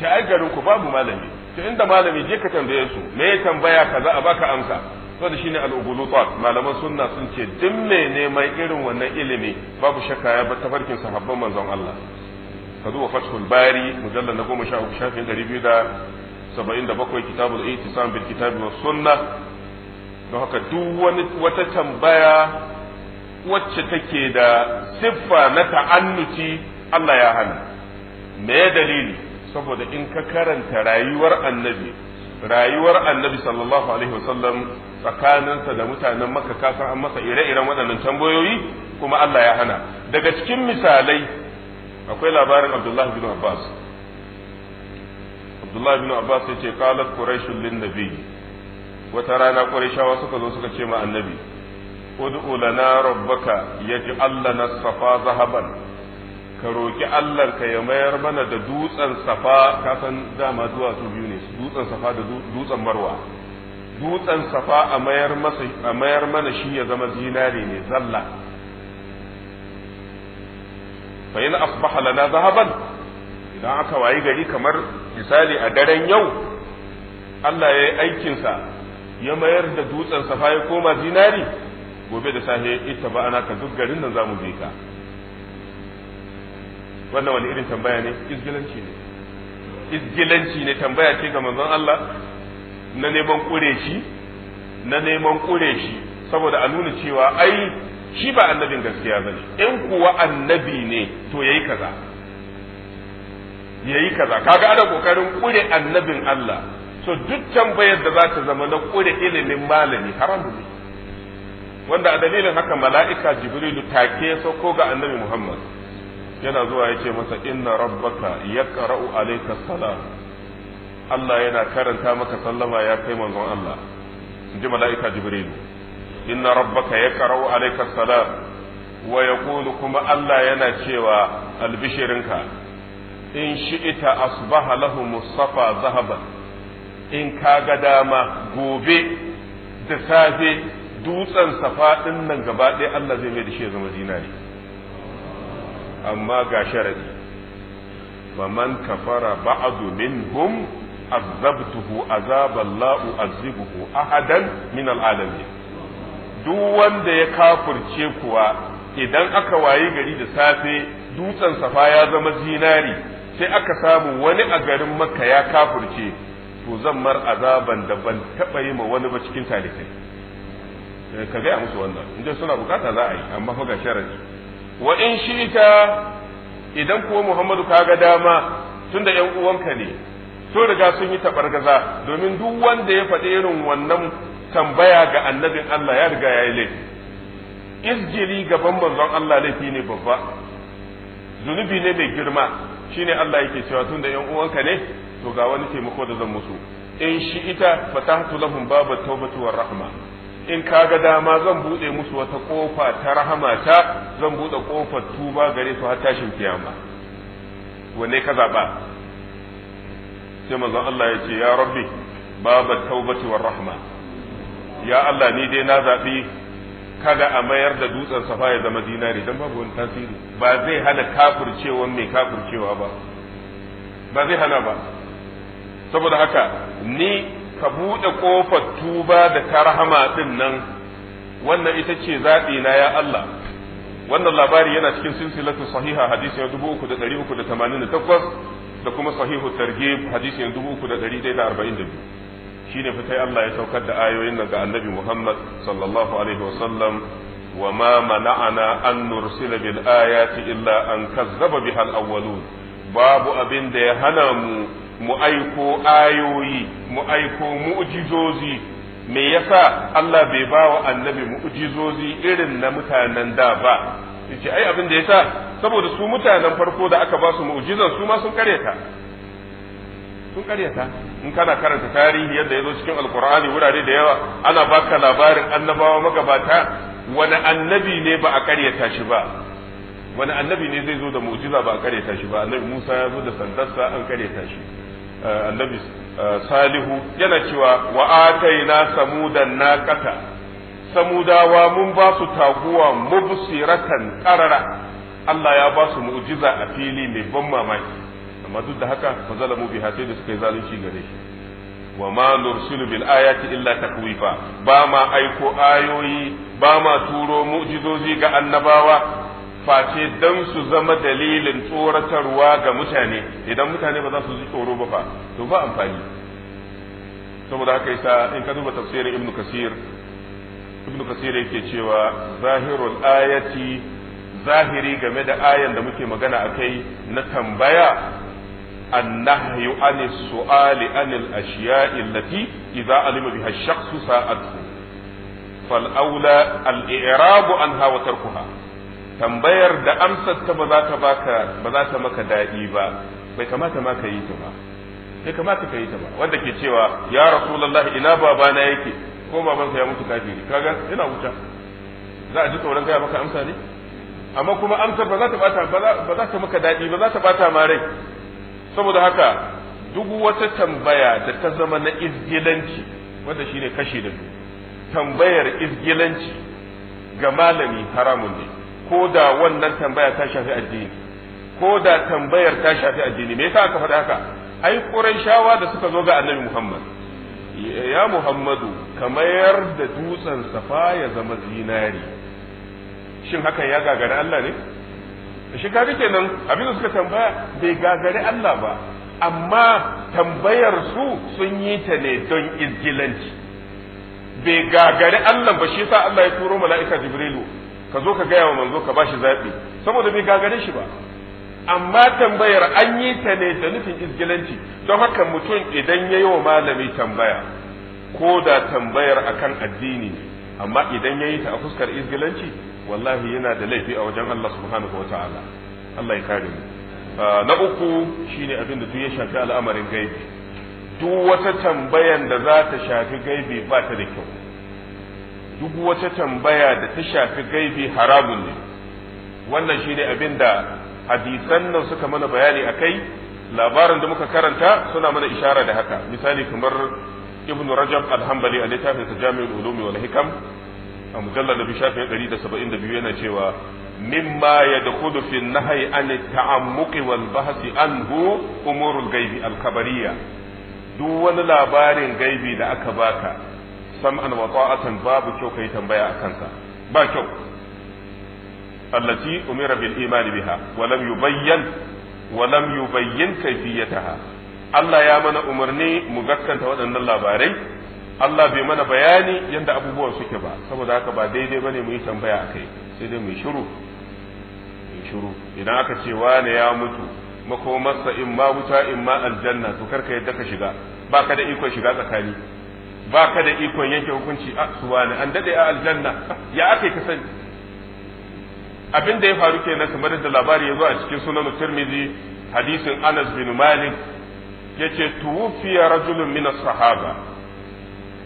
ta ajarin ku babu malami to inda malami je ka tambaye su me tambaya ka za a baka amsa to da shine al-ugulutat malaman sunna sun ce duk mai neman irin wannan ilimi babu shakka ya ba tafarkin sahabban manzon Allah ka duba fathul bari mujalla na goma sha uku shafin ɗari biyu da saba'in da bakwai kitabul itisam bil kitabi wa sunna don haka wani wata tambaya wacce take da siffa na Allah ya hana me dalili saboda in ka karanta rayuwar annabi rayuwar annabi sallallahu alaihi wasallam tsakaninsa da mutanen makka ka an masa ire-iren waɗannan tambayoyi kuma Allah ya hana daga cikin misalai akwai labarin abdullahi bin abbas abdullahi bin abbas ya ce qalat quraishul lin nabi wata rana quraishawa suka zo suka ce ma annabi ud'u lana rabbaka yaj'al lana safa zahaban ka roki Allah ka ya mayar mana da dutsen safa ka san dama duwatsu biyu ne dutsen safa da dutsen marwa dutsen safa a mayar mana shi ya zama zinare ne zalla fa in asbaha lana zahaban idan aka wayi gari kamar misali a daren yau Allah ya yi aikinsa ya mayar da dutsen safa ya koma zinari gobe da safe ita ba ana ka duk garin nan zamu je ka wannan wani irin tambaya ne izgilanci ne izgilanci ne tambaya ce ga manzon Allah na neman kure shi na neman kure shi saboda a nuna cewa ai shi ba annabin gaskiya bane in kuwa annabi ne to yayi kaza yayi kaza kaga ana kokarin kure annabin Allah so duk tambayar da za ta zama na kure ilimin malami haram ne wanda a dalilin haka mala'ika jibrilu take sauko ga annabi Muhammad yana zuwa yace masa inna rabbaka yaqra'u alayka salam Allah yana karanta maka sallama ya kai manzon Allah in ji mala'ika jibrilu inna rabbaka yaqra'u karau salam wa kuma Allah yana cewa albishirinka in shi'ita asbaha lahu musafa zahaban in kaga dama gobe da safe dutsen safa nan gaba ɗaya Allah zai mai da shi ya zama zinari amma ga sharadi faman kafara ba'du minhum azabtuhu azaba la u'azibuhu ahadan min al'alamin duk wanda ya kafurce kuwa idan aka wayi gari da safe dutsen safa ya zama zinari sai aka samu wani a garin makka ya kafurce to zan mar azaban da ban taɓa yi ma wani ba cikin talibai eh, ka gaya musu wannan inda suna bukata za a yi amma fa ga sharadi wa in shi'ita idan kuwa muhammadu kaga dama tunda yan uwanka ne sun riga sun yi taɓargaza domin duk wanda ya faɗi irin wannan tambaya ga annabin Allah ya riga ya yi laifi izjiri gaban manzon Allah laifi ne babba zunubi ne mai girma shine Allah yake cewa tun da yan uwanka ne to ga wani taimako da zan musu in shi ita fatahtu lahum baba tawbati war rahma in ga dama zan bude musu wata kofa ta rahama ta zan bude kofar tuba gare su har tashin kiyama wanne ka zaba sai manzon Allah ya ce ya rabbi baba tawbati war rahma ya Allah ni dai na zaɓi kada a mayar da dutsen safa ya zama dinari don babu wani tasiri ba zai hana kafircewa mai kafircewa ba ba zai hana ba saboda haka ni ka buɗe ƙofar tuba da ta rahama ɗin nan wannan ita ce zaɓi na ya Allah wannan labari yana cikin silsilatu sahiha hadisi na dubu uku da ɗari uku da tamanin da takwas da kuma sahihu targhib hadisi na dubu uku da ɗari ɗaya da arba'in da biyu shine fa sai Allah ya saukar da ayoyin nan ga Annabi Muhammad sallallahu alaihi wasallam wa ma mana'ana an nursila bil ayati illa an kazzaba biha al awwalun babu abin da ya hana mu mu aiko ayoyi mu aiko mu'jizozi me yasa Allah bai ba wa annabi mu'jizozi irin na mutanen da ba yace ai abin da yasa saboda su mutanen farko da aka ba su mu'jizan su ma sun karyata. sun karyata in kana karanta tarihi yadda ya zo cikin alkur'ani wurare da yawa ana baka labarin annabawa magabata wani annabi ne ba a karyata shi ba wani annabi ne zai zo da mu'jiza ba a karyata shi ba annabi Musa ya zo da sandarsa an karyata shi eh, annabi eh, Salihu yana cewa wa ataina samudan naqata samudawa mun ba su taguwa mubsiratan qarara Allah ya ba su mu'jiza a fili mai ban mamaki amma duk da haka fa zalamu bi da suka yi zalunci gare shi wa ma nursilu bil ayati illa takwifa ba ma aiko ayoyi ba ma turo mu'jizozi ga annabawa face dan su zama dalilin tsoratarwa ga mutane idan mutane ba za su ji tsoro ba fa to ba amfani saboda haka yasa in ka duba tafsirin ibnu kasir ibnu kasir yake cewa zahirul ayati zahiri game da ayan da muke magana akai na tambaya annahyu anis su'ali anil ashiya'i allati idza alima biha ash-shakhsu sa'atu fal aula al-i'rabu anha wa tarkuha tambayar da amsar ta ba za ta baka ba za ta maka daɗi ba bai kamata ma ka yi ta ba bai kamata ka yi ta ba wanda ke cewa ya rasulullahi ina babana yake ko babansa ya mutu kafiri kaga yana wuta za a ji tsoron gaya maka amsa ne amma kuma amsar ba za ta bata ba za ta maka daɗi ba za ta bata ma rai saboda haka duk wata tambaya da ta zama na izgilanci wanda ne kashi da biyu tambayar izgilanci ga malami haramun ne ko da wannan tambaya ta shafi addini ko da tambayar ta shafi addini me yasa aka faɗa haka ai shawa da suka zo ga annabi Muhammad ya Muhammadu mayar da dutsen safa ya zama zinari shin hakan ya gagari Allah ne shi kaga kenan abin da suka tambaya bai gagari Allah ba amma tambayar su sun yi ta ne don izgilanci bai gagari Allah ba shi sa Allah ya turo mala'ika Jibrilu ka zo ka gaya wa manzo ka bashi zaɓi saboda bai gagari shi ba amma tambayar an yi ta ne da nufin izgilanci don haka mutum idan ya yi wa malami tambaya ko da tambayar akan addini amma idan ya yi ta a fuskar izgilanci wallahi yana da laifi a wajen Allah subhanahu wa ta'ala Allah ya kare mu ah, na uku shine abin da duk ya shafi al'amarin gaibi duk wata tambayan da za ta shafi gaibi ba ta da kyau duk wata tambaya da ta shafi gaibi haramun ne wannan shine abin da hadisan nan suka mana bayani akai labarin da muka karanta suna mana ishara da haka misali kamar ibn rajab al-hanbali a littafin sa jami'ul ulumi wal hikam a mujallal nabi shafi 172 yana cewa mimma yadkhulu da an at-ta'ammuq wal bahth anhu umurul ghaibi al-khabariyya duk wani labarin gaibi da aka baka sam'an wa ta'atan babu kyau kai tambaya akan sa ba kyau allati umira bil imani biha wa lam yubayyan wa lam yubayyin Allah ya mana umarni mu gaskanta waɗannan labarai Allah bai mana bayani yadda abubuwan suke ba saboda haka ba daidai bane mu yi tambaya akai sai dai mu yi shiru mu shiru idan aka ce wane ya mutu makomarsa in ma wuta in ma aljanna to karka yadda ka shiga ba ka da ikon shiga tsakani ba ka da ikon yanke hukunci a ah, su wane an daɗe a aljanna ya aka ka sani abin da ya faru kenan kamar da labari ya zo a cikin sunan Tirmidhi hadisin Anas bin Malik yace tuwfiya rajulun min sahaba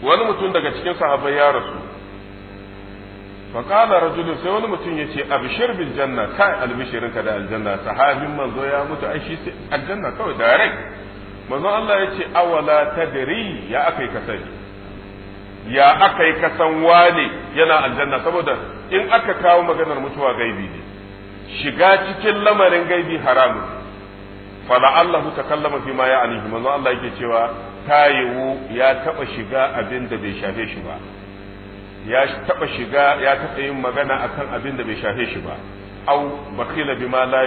wani mutum daga cikin sahabbai ya rasu fa rajulun sai wani mutum yace abshir bil janna kai ka da aljanna sahabin manzo ya mutu ai shi aljanna kawai direct manzo Allah yace awala tadri ya akai ka sani ya aka yi san wane yana aljanna saboda in aka kawo maganar mutuwa gaibi ne shiga cikin lamarin gaibi haramun wala Allah ta kallama fi ma ya alihi manzo Allah yake cewa tayiwu ya taba shiga abin da bai shafe shi ba ya taba shiga ya taba yin magana akan abin da bai shafe shi ba au bakila bima la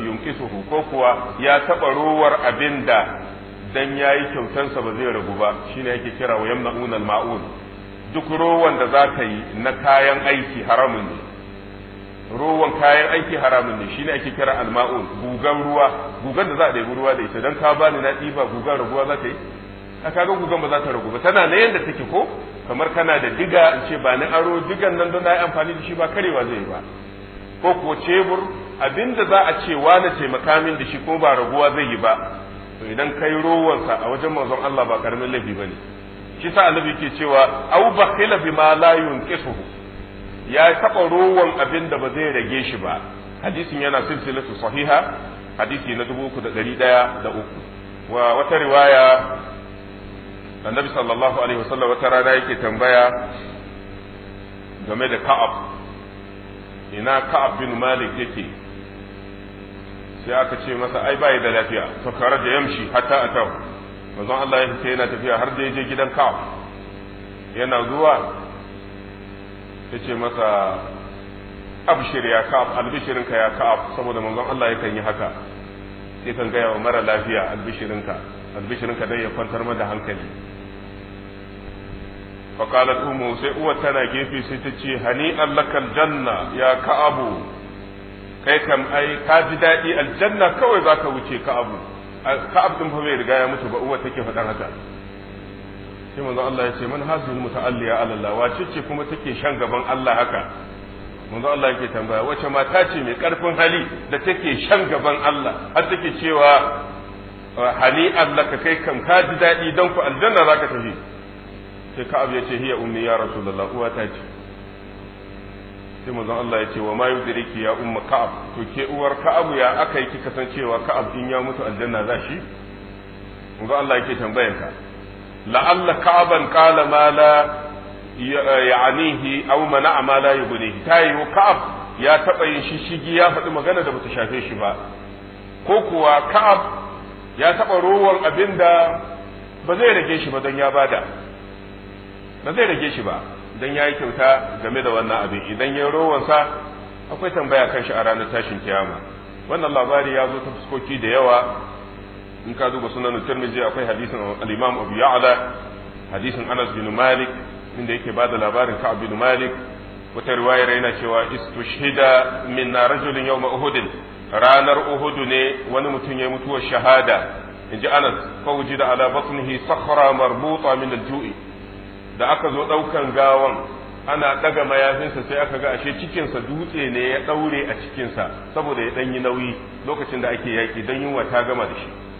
yunkisuhu eh, ko kuwa ya taba rowar abin da dan yayi kyautansa ba zai ragu ba shine yake kira wa yamna'un al-ma'un duk rowan da zaka yi na kayan aiki haramun ne ruwan kayan aiki haramun ne shine ake kira alma'un gugan ruwa gugan da za a ɗebi ruwa da ita dan ka bani na ɗiba gugan raguwa za ta yi a kaga gugan ba za ta ragu ba tana na yanda take ko kamar kana da diga in ce ba ni aro digan nan don na yi amfani da shi ba karewa zai yi ba ko kuwa cebur abinda za a ce wani taimaka min da shi ko ba raguwa zai yi ba to idan kai rowansa a wajen manzon Allah ba karamin laifi bane shi sa annabi ke cewa au bakhila bima la yunqisuhu ya taɓa rowan abin da ba zai rage shi ba hadisin yana su sahiha hadisi na dubu uku da ɗari ɗaya da uku wa wata riwaya annabi sallallahu alaihi wasallam wata rana yake tambaya game da ka'ab ina ka'ab bin malik yake sai aka ce masa ai bai da lafiya to kare da yamshi hatta atahu manzon Allah ya fita yana tafiya har da je gidan ka'ab yana zuwa ya ce masa abshir ya ka'ab albishirinka ya ka'ab saboda manzon Allah yakan yi haka sai kan gaya wa mara lafiya albishirinka albishirinka dai ya kwantar mada hankali qalat ummu sai uwar tana gefe sai ta ce hani allakal janna ya ka'abu kai kam ai ka ji dadi aljanna kawai zaka wuce ka'abu ka'ab din fa bai riga ya mutu ba uwar take faɗan haka sai manzo Allah ya ce man hazil muta'alliya ala Allah wace ce kuma take shan gaban Allah haka manzo Allah yake tambaya wace mata ce mai karfin hali da take shan gaban Allah har take cewa ah, hali Allah ka kai kam ka ji daɗi dan ku aljanna zaka tafi sai ka abu ya ce hiya ummi ya rasulullah uwa ta ce sai manzo Allah ya ce wa ma yudriki ya umma ka'ab to ke uwar ka'ab ya aka yi kika san cewa ka'ab in ya mutu aljanna za shi manzo Allah yake tambayanka la'alla ka'aban qala ma la ya'anihi aw mana'a ma la ta haihu ka'ab ya taba yin shishigi ya faɗi magana da bata shafe shi ba ko kuwa ka'ab ya taba rowan abinda ba zai rage shi ba don ya bada ba zai rage shi ba don ya yi kyauta game da wannan abin idan ya rowansa akwai tambaya kan shi a ranar tashin kiyama wannan labari ya zo ta fuskoki da yawa in ka duba sunan tirmidhi akwai hadisin al-imam abu ya'la hadisin anas bin malik inda yake bada labarin ka'ab bin malik wata riwayar yana cewa istushhida min rajulin yawma uhud ranar uhud ne wani mutum ya mutuwar shahada inji anas fawji da ala batnihi sakhra marbuta min al-ju'i da aka zo daukan gawan ana daga mayafinsa sai aka ga ashe cikinsa dutse ne ya daure a cikinsa saboda ya danyi nauyi lokacin da ake yaki dan yunwa ta gama da shi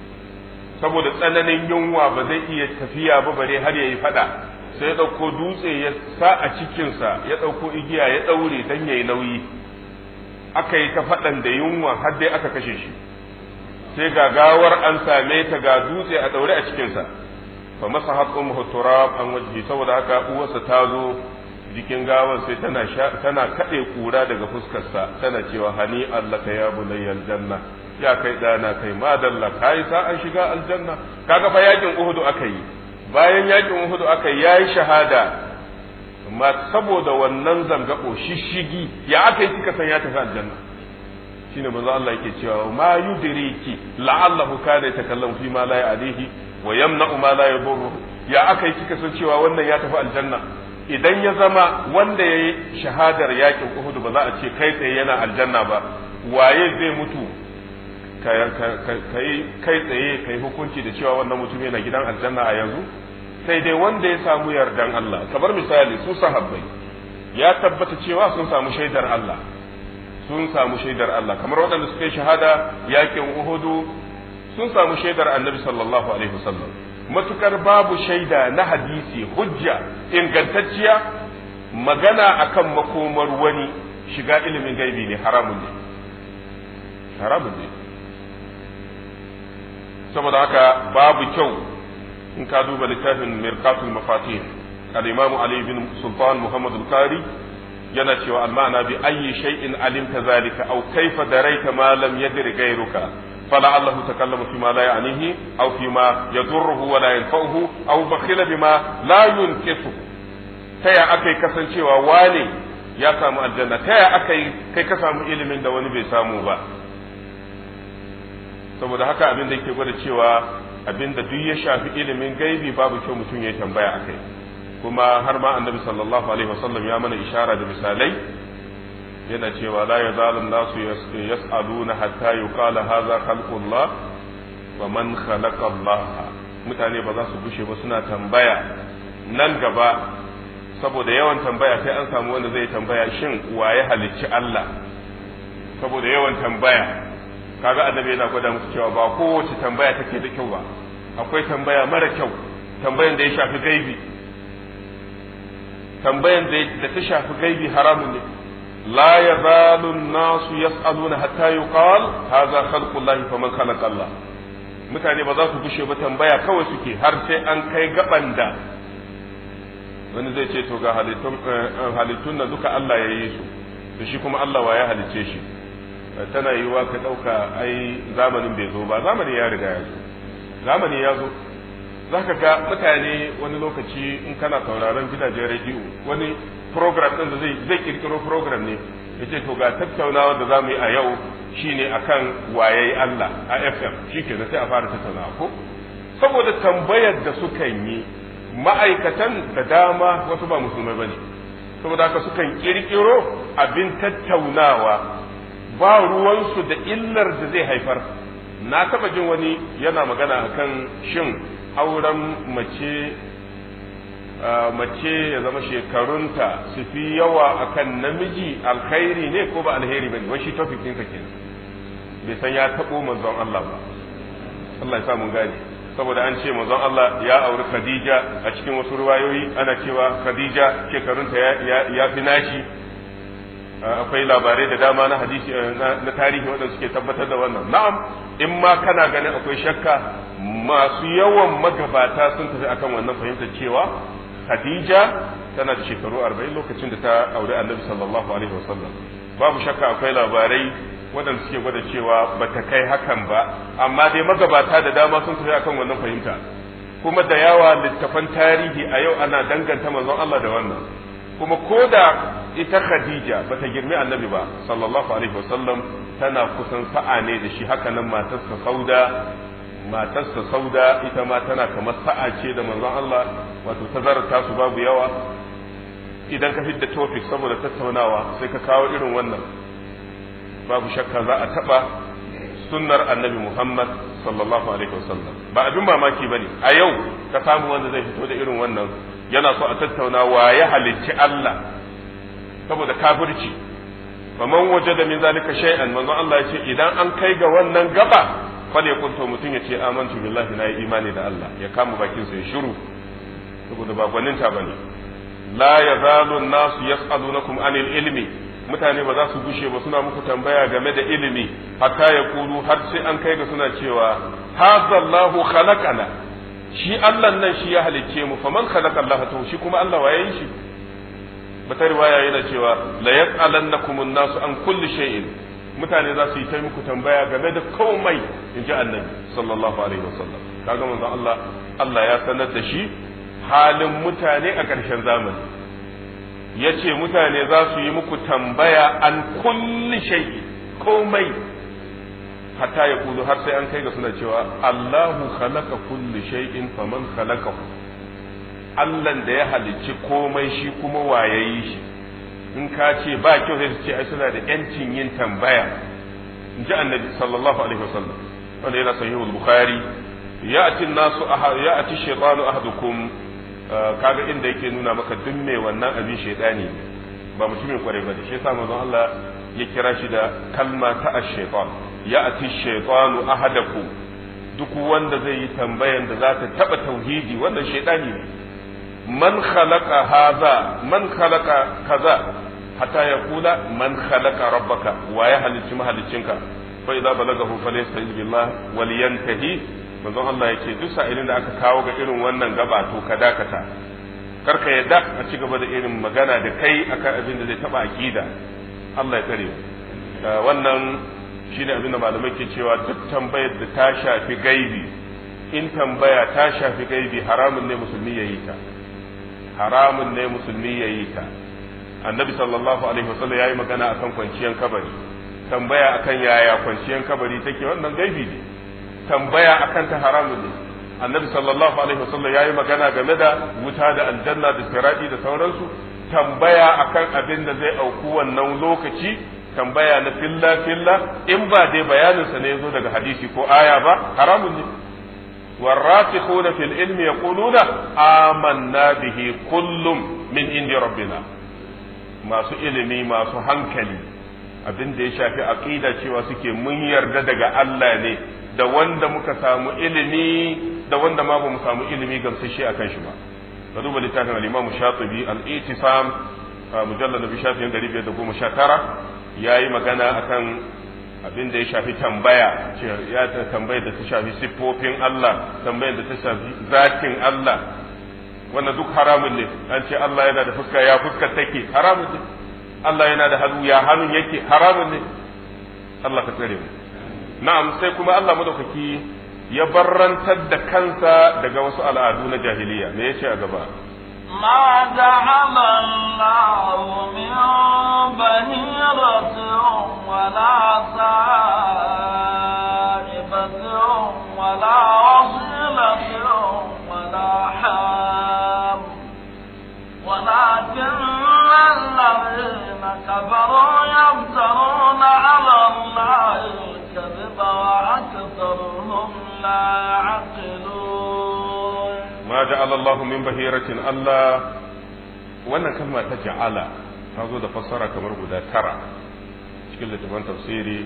saboda tsananin yunwa ba zai iya tafiya ba bare har ya yi fada sai ya ɗauko dutse ya sa a cikinsa ya ɗauko igiya ya ɗaure dan ya yi nauyi aka yi ta faɗan da yunwa har dai aka kashe shi sai ga gawar an same ta ga dutse a ɗaure a cikinsa fa masa haƙƙun turab an waje. saboda haka uwarsa ta zo jikin gawar sai tana kaɗe ƙura daga fuskarsa tana cewa hani allaka ya bunayyar janna ya kai dana kai madalla kai sa an shiga aljanna kaga fa yakin uhudu aka yi bayan yakin uhudu aka yi yayi shahada amma saboda wannan zangabo shishigi ya aka yi kika san ya tafi aljanna shine manzo Allah yake cewa ma yudriki la'allahu kana yatakallamu fi ma la Alihi wa yamna'u ma la yadurru ya aka yi kika san cewa wannan ya tafi aljanna idan ya zama wanda ya yi shahadar yakin uhudu ba za a ce kai tsaye yana aljanna ba waye zai mutu kai tsaye yi hukunci da cewa wannan mutum yana gidan aljanna a yanzu sai dai wanda ya samu yardan Allah kamar misali su sahabbai ya tabbata cewa sun samu shaidar Allah sun samu shaidar Allah kamar waɗanda suka yi shahada yakin Uhudu sun samu shaidar Annabi sallallahu alaihi wasallam matukar babu shaida na hadisi hujja ingantacciya magana akan makomar wani shiga ilimin gaibi ne haramun ne haramun ne saboda haka babu kyau in ka duba littafin mirkatul mafatih al-imam ali bin sultan muhammad al-qari yana cewa al-ma'ana bi ayyi shay'in alimta zalika aw kayfa daraita ma lam yadri ghayruka fala allahu takallama fi ma la ya'nihi aw fi ma yadurruhu wa la yanfa'uhu aw bakhila bima la yunkisu taya akai kasancewa wane ya samu aljanna taya akai kai ka samu ilimin da wani bai samu ba saboda haka abin da yake gwada cewa abin da duk ya shafi ilimin gaibi babu kyau mutum ya tambaya a kai. kuma har ma annabi sallallahu alaihi wasallam ya mana ishara da misalai yana cewa la yazalu nasu yas'aluna hatta yuqala hadha khalqullah wa man khalaqa Allah mutane ba za su gushe ba suna tambaya nan gaba saboda yawan tambaya sai an samu wanda zai tambaya shin waye halicci Allah saboda yawan tambaya kaga annabi yana gwada musu cewa ba kowace tambaya take da kyau ba akwai tambaya mara kyau tambayan da ya shafi gaibi tambayan da ta shafi gaibi haramun ne la yazalu an-nasu yas'aluna hatta yuqal hadha khalqu faman khalaqa Allah mutane ba za su gushe ba tambaya kawai suke har sai an kai gaban da wani zai ce to ga halittun eh, eh, na duka Allah ya yi su to shi kuma Allah wa ya halicce shi tana yiwuwa ka ɗauka ai zamanin bai zo ba zamanin ya riga ya zo zamanin ya zo za ka ga mutane wani lokaci in kana sauraron gidajen rediyo wani program ɗin da zai zai kirkiro program ne ya ce to ga tattaunawa da za mu yi a yau shine akan wayayi Allah a FM shi ke sai a fara tattaunawa ko saboda tambayar da sukan yi ma'aikatan da dama wasu ba musulmai ba ne saboda haka sukan kirkiro abin tattaunawa ba ruwansu da illar da zai haifar na taba jin wani yana magana akan shin auren mace mace ya zama shekarunta su fi yawa akan namiji alkhairi ne ko ba alheri bane wani shi kin ka ke bai san ya taɓo manzon Allah ba Allah ya sa mun gane saboda an ce manzon Allah ya auri Khadija a cikin wasu ruwayoyi ana cewa Khadija shekarunta ya fi nashi akwai labarai da dama na hadisi eh, na tarihi wanda suke tabbatar da wannan na'am in ma kana ganin akwai shakka masu yawan magabata sun tafi akan wannan fahimtar cewa Khadija tana da shekaru 40 lokacin da ta auri Annabi sallallahu alaihi wasallam babu shakka akwai labarai waɗanda suke gwada cewa ba ta kai hakan ba amma dai magabata da dama sun tafi akan wannan fahimta kuma da yawa littafan tarihi a yau ana danganta manzon Allah da wannan kuma ko da ita khadija bata girma annabi ba sallallahu alaihi wasallam tana kusan sa'a ne da shi haka nan matarsa sauda matarsa sauda ita ma tana kamar sa'a ce da manzon Allah wato tazarar tasu babu yawa idan ka fidda topic saboda tattaunawa sai ka kawo irin wannan babu shakka za a taba sunnar annabi Muhammad sallallahu alaihi wasallam ba abin mamaki bane a yau ka samu wanda zai fito da irin wannan yana so a tattauna wa ya halicci Allah saboda kafirci faman waje da min zalika shay'an manzon Allah ya ce idan an kai ga wannan gaba fal ya kunto mutum ya ce amantu billahi na yi imani da Allah ya kama bakin sa ya shiru saboda ba gwanin ta bane la yazalu an-nas yas'alunakum anil ilmi mutane ba za su gushe ba suna muku tambaya game da ilimi hatta ya kuru har sai an kai ga suna cewa hazallahu khalaqana shi Allah nan shi ya halicce mu faman khalaqa Allah to shi kuma Allah waye shi wata riwaya yana cewa la yas'alannakum an-nasu an kulli shay'in mutane za su yi ta muku tambaya game da komai in ji annabi sallallahu alaihi wasallam kaga manzo Allah Allah ya sanar da shi halin mutane a ƙarshen zamani yace mutane za su yi muku tambaya an kulli shay'in komai hatta ya kudu har sai an kai ga suna cewa Allahu khalaqa kulli shay'in faman khalaqahu Allahn da ya halicci komai shi kuma yi shi in ka ce ba kyau sai ce ai suna da yancin yin tambaya in ji annabi sallallahu alaihi wasallam wanda yana sahihul bukhari ya'ti nasu ya'ti shaytanu ahadukum uh, kaga inda yake nuna maka duk mai wannan abin shaytani ba mutumin kware ba shi yasa manzon Allah ya kira shi da kalma ta ash-shaytan ya'ti shaytanu ahadukum duk wanda zai yi tambayan da za ta taba tauhidi wannan shaytani ne man خلق haza man خلق kaza حتى يقول man خلق rabbaka wa ya halicci mahalicinka fa idza balagahu falyasta'iz manzon Allah yake duk sa'ilin da aka kawo ga irin wannan gaba to ka dakata karka yadda a ci gaba da irin magana da kai akan abin da zai taba akida Allah ya tsare wannan shine abin da malamai ke cewa duk tambayar da ta shafi gaibi in tambaya ta shafi gaibi haramun ne musulmi ya yi ta haramun ne musulmi ya yi ta annabi sallallahu alaihi wasallam ya yi magana akan kwanciyar kabari tambaya akan yaya kwanciyar kabari take wannan gaibi ne tambaya akan ta haramun ne annabi sallallahu alaihi wasallam ya yi magana game da wuta da aljanna da sirati da sauransu tambaya akan abin da zai auku wannan lokaci tambaya na filla filla in ba dai bayaninsa ne ya zo daga hadisi ko aya ba haramun ne والراسخون في العلم يقولون آمنا به كل من عند ربنا ما سو ilimi masu hankali abin da ya shafi aƙida cewa suke mun yarda daga Allah ne da wanda muka samu ilimi da wanda ma bamu samu ilimi gamsashe akan shi ba ka duba littafin al-Imam Shatibi al-Itisam mujallad bi shafin yayi magana akan abin da ya shafi tambaya ya tambaya da ta shafi siffofin Allah tambayar da ta shafi zakin Allah wannan duk haramun ne an ce Allah yana da fuska ya fuska take haramun ne Allah yana da hannu ya hannun yake haramun ne Allah ka tsare mu na'am sai kuma Allah madaukaki ya barrantar da kansa daga wasu al'adu na jahiliya me yace a gaba ما جعل الله من بهيرة ولا سائبة ولا وصيلة ولا حام ولكن الذين كفروا يفترون على الله الكذب وأكثرهم لا يعلمون ma ja'ala Allahu min bahiratin Allah wannan kalma ta ja'ala ta zo da fassara kamar guda tara cikin littafin tafsiri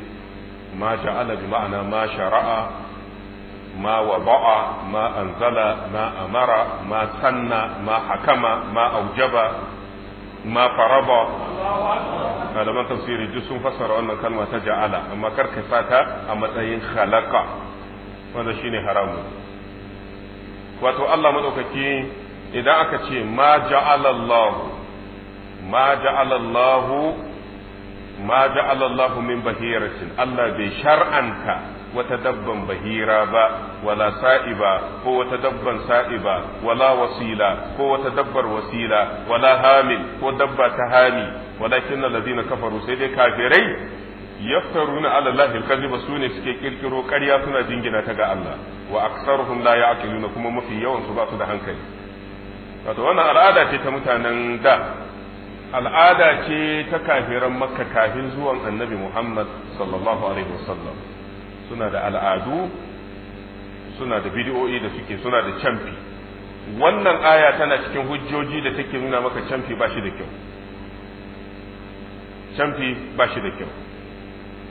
ma ja'ala bi ma'ana ma shara'a ma wada'a ma anzala ma amara ma sanna ma hakama ma aujaba ma faraba malaman tafsiri duk sun fassara wannan kalma ta ja'ala amma karkasa ta a matsayin khalaqa wanda shine haramun wato Allah maɗaukaki, idan aka ce ma ja'alallahu ma ja'alallahu ma ja'alallahu min bahiratin Allah bai shar'anta wata dabban bahira ba wala sa'iba ko wata dabban sa'iba wala wasila ko wata dabbar wasila wala hamil ko dabba ta hami walakin alladhina kafaru sai dai kafirai yaftaruna ala Allahi kadhiba sune suke ƙirƙiro ƙarya suna jingina ta ga Allah wa aktsaruhum la ya'qiluna kuma mafi yawansu su ba su da hankali wato wannan al'ada ce ta mutanen da al'ada ce ta kafiran makka kafin zuwan annabi Muhammad sallallahu alaihi wasallam suna da al'adu suna da bidiyoyi da suke suna da camfi wannan aya tana cikin hujjoji da take nuna maka camfi ba shi da kyau camfi ba shi da kyau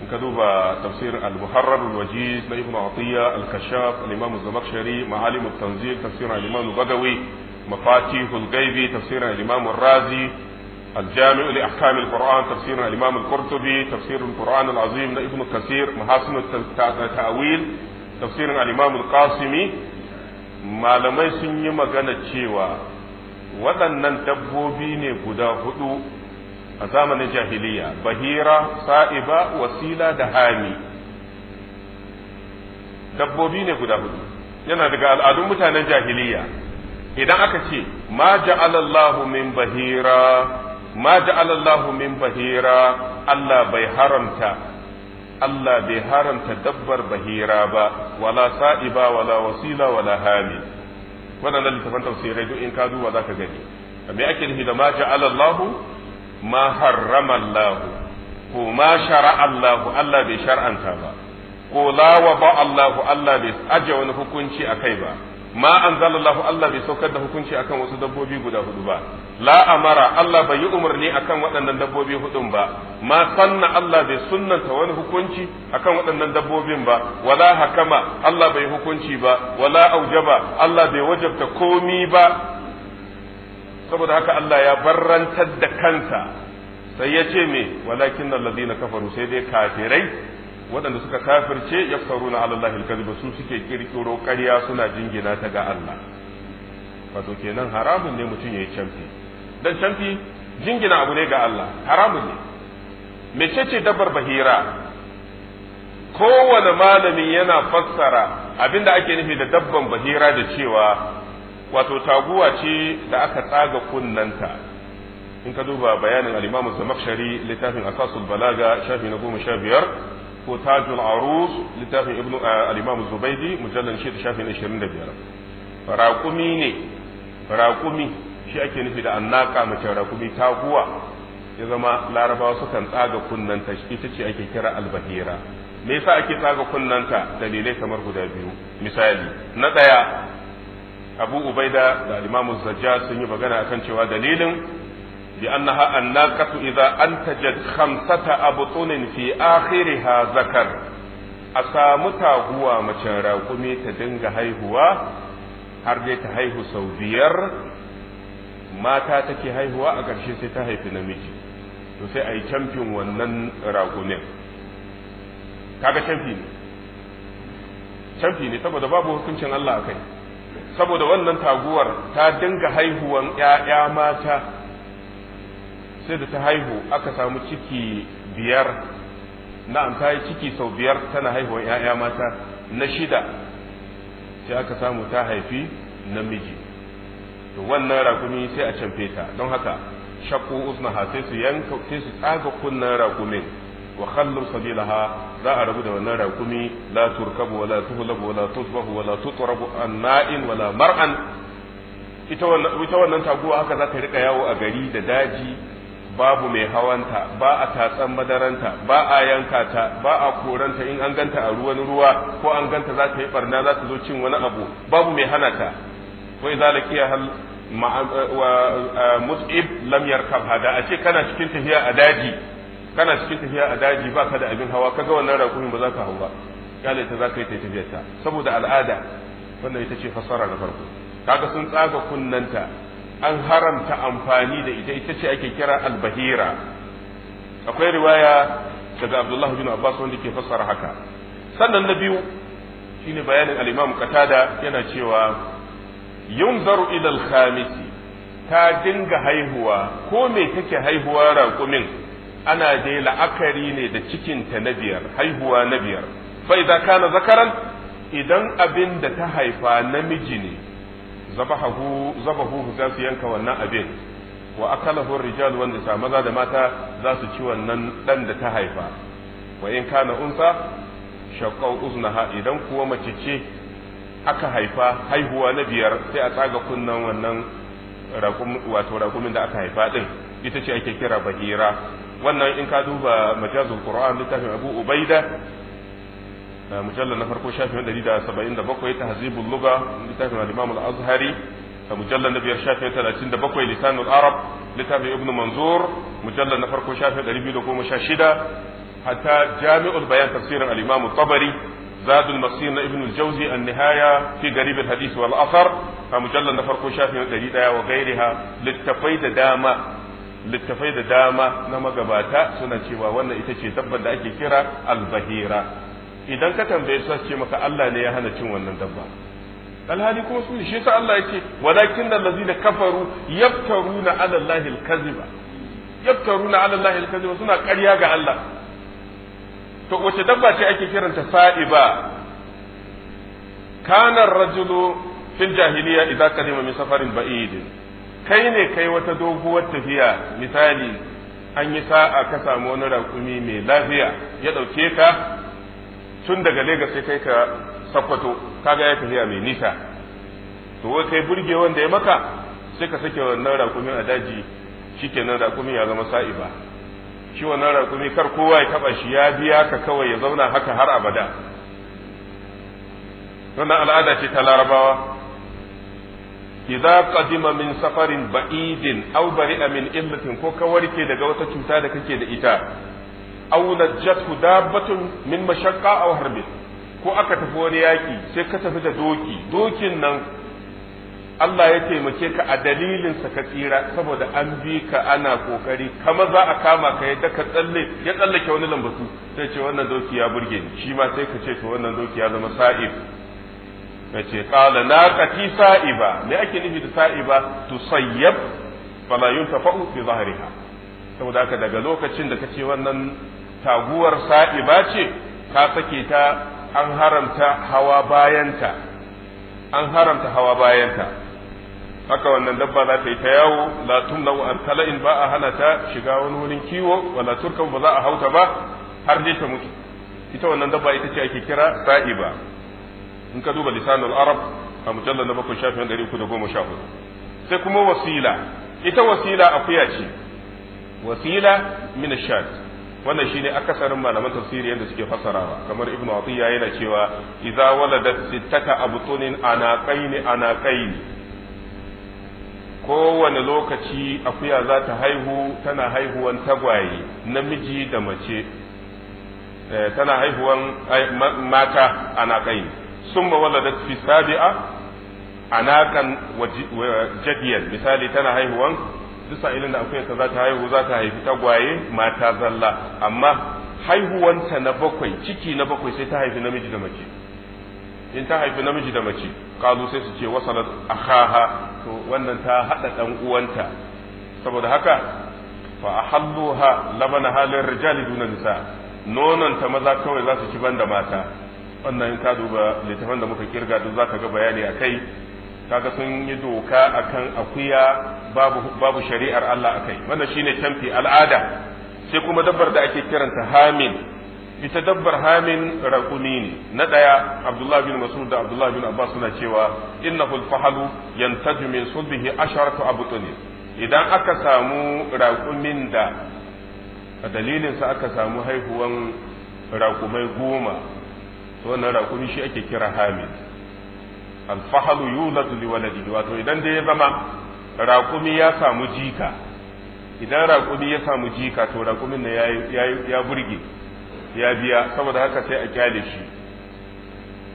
in ka duba tafsir al-muharrar al-wajiz na ibnu atiya al-kashaf al-imam az-zamakhshari mahalim at tafsir al-imam bagawi mafatih al-ghaibi tafsir al-imam ar-razi الجامع لأحكام القرآن تفسير الإمام القرطبي تفسير القرآن العظيم لابن كثير محاسن التأويل تفسير الإمام القاسمي ما لم يسن يمغن cewa waɗannan dabbobi ne guda hudu a zamanin jahiliya bahira sa'iba wasila da hami dabbobi ne guda hudu yana daga al'adun mutanen jahiliya idan aka ce ma ja'alallahu min bahira ma ja'alallahu min bahira Allah bai haramta Allah bai haramta dabbar bahira ba wala sa'iba wala wasila wala hami waɗannan littafan tafsirai duk in ka duba za ka gani me ake nufi da ma ja'alallahu ma harrama Allah ko ma shara'a Allah Allah bai shar'anta ba ko la wa ba Allah Allah bai aje wani hukunci akai ba ma anzala Allah Allah bai saukar da hukunci akan wasu dabbobi guda hudu ba la amara Allah bai yi umarni akan waɗannan dabbobi hudun ba ma sanna Allah bai sunnanta wani hukunci akan waɗannan dabbobin ba wala hakama Allah bai hukunci ba wala aujaba Allah bai wajabta komi ba saboda haka Allah ya barrantar da kansa sai ya ce me walakin alladhina kafaru sai dai kafirai waɗanda suka kafirce yaftaruna ala allahi alkadhiba su suke kirkiro ƙarya suna jingina ta ga Allah wato kenan haramun ne mutum yi canfi dan canfi jingina abu ne ga Allah haramun ne mecece dabar bahira kowane malami yana fassara abinda ake nufi da dabban bahira da cewa wato taguwa ce da aka tsaga kunnanta in ka duba bayanin al-Imam Zamakhshari littafin Asasul Balaga shafi na goma sha biyar ko Tajul Arus littafin Ibn eh, al-Imam Zubaidi mujallal shi shafi na 25 raqumi ne raqumi shi ake nufi da annaka mace raqumi taguwa ya zama larabawa sukan tsaga kunnanta ita ce ake kira albahira me yasa ake tsaga kunnanta dalilai kamar guda biyu misali na ɗaya. abu ubaida da imamu zajja sun yi magana akan cewa dalilin bi annaha annaqatu idza antajat khamsata abtunin fi akhiriha zakar a samu taguwa mace raƙumi ta dinga haihuwa har dai ta haihu sau biyar mata take haihuwa a ƙarshe sai ta haifi namiji to sai a yi camfin wannan raƙumin kaga camfi ne camfi ne saboda babu hukuncin Allah a kai saboda wannan taguwar ta dinga haihuwan ‘ya'ya mata sai da ta haihu aka samu ciki biyar na'am ta yi ciki sau biyar tana haihuwan ‘ya'ya mata na shida sai aka samu ta haifi namiji to wannan ragumi sai a canfe don haka shakku usna sai su yanka sai su tsaga kunnan raƙumin. wa khallu sabilaha za a rabu da wannan rakumi la turkabu wala tuhlabu wala tusbahu wala tutrabu an na'in wala mar'an ita wannan ita wannan taguwa haka za ta rika yawo a gari da daji babu mai hawanta ba a tatsan madaranta ba a yanka ta ba a koranta in an ganta a ruwan ruwa ko an ganta za ta yi barna za ta zo cin wani abu babu mai hana ta wa hal ma'a hal mut'ib lam yarkab hada a ce kana cikin tafiya a daji kana cikin tafiya a daji ba ka da abin hawa kaga wannan raƙumin ba za ka hau ba kyale ta za ka yi tafiyar ta saboda al'ada wannan ita ce fasara na farko kaga sun tsaga kunnanta an haramta amfani da ita ita ce ake kira albahira akwai riwaya daga Abdullah bin Abbas wanda ke fasara haka sannan na biyu shine bayanin al-Imam Qatada yana cewa yunzaru ila al-khamisi ta dinga haihuwa ko me take haihuwa raƙumin ana dai la'akari ne da cikinta na biyar haihuwa na biyar fa idan kana zakaran idan abin da ta haifa namiji ne zabahu zabahu za su yanka wannan abin wa akalahu rijal wanda sa maza da mata za su ci wannan dan da ta haifa wa in kana unsa shaqqa uznaha idan kuwa mace ce aka haifa haihuwa na biyar sai a tsaga kunnan wannan wato rakumin da aka haifa din ita ce ake kira bahira wannan in ka duba majazul qur'an littafin abu ubaida mujallal na farko shafin 177 tahzibul lugha littafin al-imam al-azhari mujallal na biyar shafin 37 lisanul arab littafin ibnu manzur mujallal na farko shafin 216 hatta jami'ul bayan tafsirin al-imam tabari زاد المصير ابن الجوزي النهاية في قريب الحديث والأثر فمجلد نفر كوشاف من وغيرها للتفيد داما littafai da dama na magabata suna cewa wannan ita ce dabbar da ake kira albahira idan ka tambaye su ce maka Allah ne ya hana cin wannan dabba alhali kuma su shi sa Allah yake walakin allazina kafaru yaftaruna ala allahi alkaziba yaftaruna ala allahi alkaziba suna ƙarya ga Allah to wace dabba ce ake kiranta sa'iba kana ar-rajulu fil jahiliya idza qadima min safarin ba'idin kai ne kai wata doguwar tafiya misali an yi sa'a ka samu wani raƙumi mai lafiya ya ɗauke ka tun daga Legas sai kai ka sakwato kaga ya tafiya mai nisa to wai kai burge wanda ya maka sai ka sake wannan raƙumi a daji shikenan raƙumi ya zama sa'i ba. shi wannan raƙumi kar kowa ya taɓa shi ya biya ka kawai ya zauna haka har abada wannan al'ada ce ta larabawa idza qadima min safarin ba'idin aw bari'a min illatin ko ka warke daga wata cuta da kake da ita aw najjathu dabbatun min mashaqqa aw harbin ko aka tafi wani yaki sai ka tafi da doki dokin nan Allah ya taimake ka a dalilinsa ka tsira saboda an bi ka ana kokari kama za a kama ka yadda ka tsalle ya tsallake wani lambatu sai ce wannan doki ya burge shi ma sai ka ce to wannan doki ya zama sa'ib yace qala kati sa'iba me ake nufi da sa'iba tusayyab fala yuntafa'u fi zahriha saboda haka daga lokacin da kace wannan taguwar sa'iba ce ka sake ta an haramta hawa bayanta an haramta hawa bayanta haka wannan dabba za ta yi ta yawo la tumnau an in ba a hana ta shiga wani wurin kiwo wala turkan ba za a hauta ba har dai ta mutu ita wannan dabba ita ce ake kira sa'iba in ka duba lisanul arab a mujallar na bakwai shafin ɗari uku da goma sha hudu sai kuma wasila ita wasila akuya ce wasila min shat wannan shine akasarin malaman tafsiri yadda suke fasarawa kamar ibnu atiya yana cewa idza waladat sittata abtunin anaqain anaqain kowane lokaci akuya za ta haihu tana haihuwan tagwaye namiji da mace eh, tana haihuwan eh, mata ana sun ba wala fi sabi'a anakan jadiyan misali tana haihuwan duk sa'ilin da akwai ta za ta haihu za ta haifi tagwaye mata zalla amma haihuwanta na bakwai ciki na bakwai sai ta haifi namiji da mace in ta haifi namiji da mace kazu sai su ce wasalat akhaha to wannan ta hada dan uwanta saboda haka fa ahalluha labana halin rijali duna nisa nonon ta maza kawai za su ci banda mata wannan ka duba littafin da muka kirga duk zaka ga bayani a kai kaga sun yi doka akan akuya babu babu shari'ar Allah akai wannan shine tamfi al'ada sai kuma dabbar da ake kiranta hamin ita dabbar hamin raƙumi ne na ɗaya abdullahi bin masud da abdullahi bin abbas suna cewa innahu fahalu yantaju min sulbihi asharatu abutuni idan aka samu raƙumin da a dalilin sa aka samu haihuwan raƙumai goma wannan raƙumi shi ake kira hamid alfahalu yuladu liwaladihi wato idan dai ya zama raƙumi ya samu jika idan raƙumi ya samu jika to raƙumin na ya burge ya biya saboda haka sai a kyale shi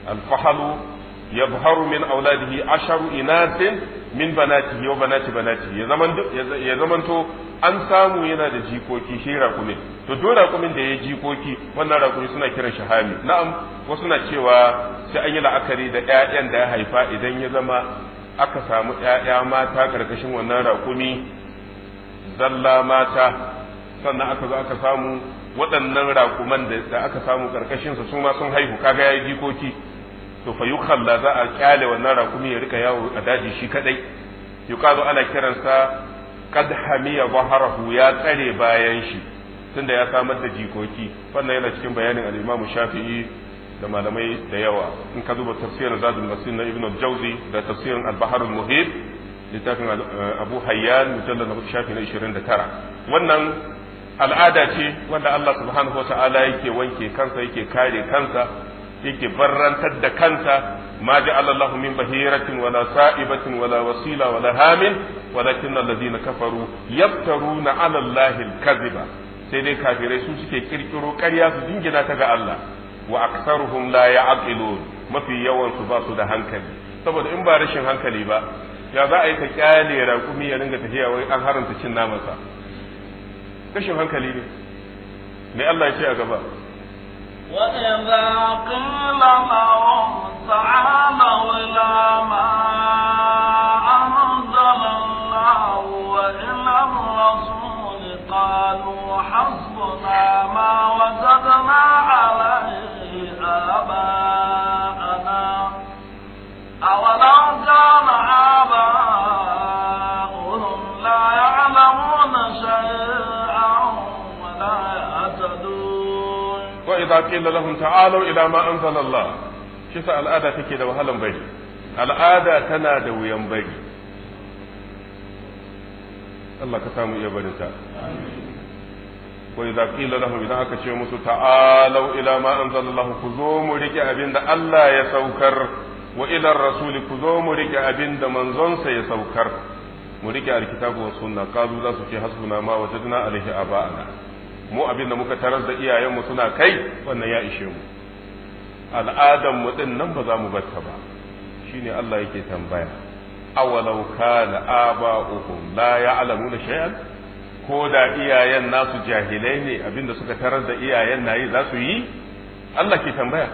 alfahalu yabharu min auladihi asharu inasin min banati yau banati banati ya zamanto an samu yana da jikoki shi rakumin to duk rakumin da ya jikoki wannan rakumi suna kiran shi hami na'am wasu na cewa sai an yi la'akari da ƴaƴan da ya haifa idan ya zama aka samu ƴaƴa mata karkashin wannan rakumi zalla mata sannan aka zo aka samu waɗannan rakuman da aka samu karkashin su ma sun haihu kaga ya jikoki to fa yukhalla za a kyale wannan rakumi ya rika yawo a daji shi kadai yuqalu ana kiransa kad hamiya zaharahu ya tsare bayan shi tunda ya samar da jikoki wannan yana cikin bayanin al-Imam Shafi'i da malamai da yawa in ka duba tafsirin Zadul Masin na Ibn al-Jawzi da tafsirin Al-Bahr al-Muhit littafin eh, Abu Hayyan mujallal na Shafi na 29 wannan al'ada ce wanda Allah subhanahu wa ta'ala yake wanke kansa yake kare kansa yake barrantar da kanta ma ji Allahu min bahiratin wala sa'ibatin wala wasila wala hamin walakin alladhina kafaru yaftaruna 'ala Allahi al-kadhiba sai dai kafirai su suke kirkiro ƙarya su dingina ta ga Allah wa aktsaruhum la ya'qilun mafi yawan su ba su da hankali saboda in ba rashin hankali ba ya za a yi ka kyale raƙumi ya ringa tafiya wai an haranta cin namansa rashin hankali ne me Allah ya ce a gaba وإذا قيل لهم تعالوا إلى ما أنزل الله وإلى الرسول قالوا حسبنا ما وجدنا qila lahum ta'alu ila ma al'ada tana da wuyan bari Allah ka samu iya barin ta wa idza qila lahum idan aka ce musu ta'alu ila ma anzalallahu ku zo mu rike abinda Allah ya saukar wa ila ku zo mu rike abinda manzonsa ya saukar mu rike alkitabu wasu sunna qalu za su ce hasbuna ma wajadna mu abin da muka tarar da iyayenmu suna kai wannan ya ishe mu al'adan mu din nan ba za mu batta ba shine Allah yake tambaya awalau kana aba'uhum la ya'lamuna shay'an ko da iyayen nasu jahilai ne abinda suka tarar da iyayen nayi za su yi Allah ke tambaya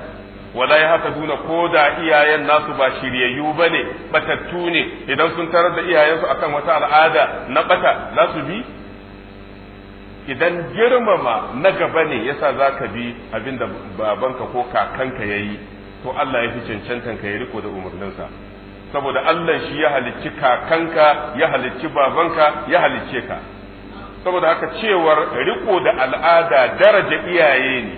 wala ya haka duna ko da iyayen nasu ba shiryayyu ba ne batattu ne idan sun tarar da iyayensu akan wata al'ada na bata za su bi idan girmama na gaba ne yasa za ka bi abin da babanka ko kakanka ya yi to Allah ya fi cancantanka ka ya riko da umarninsa saboda Allah shi ya halicci kakanka ya halicci babanka ya halicce ka saboda haka cewar riko da al'ada daraja iyaye ne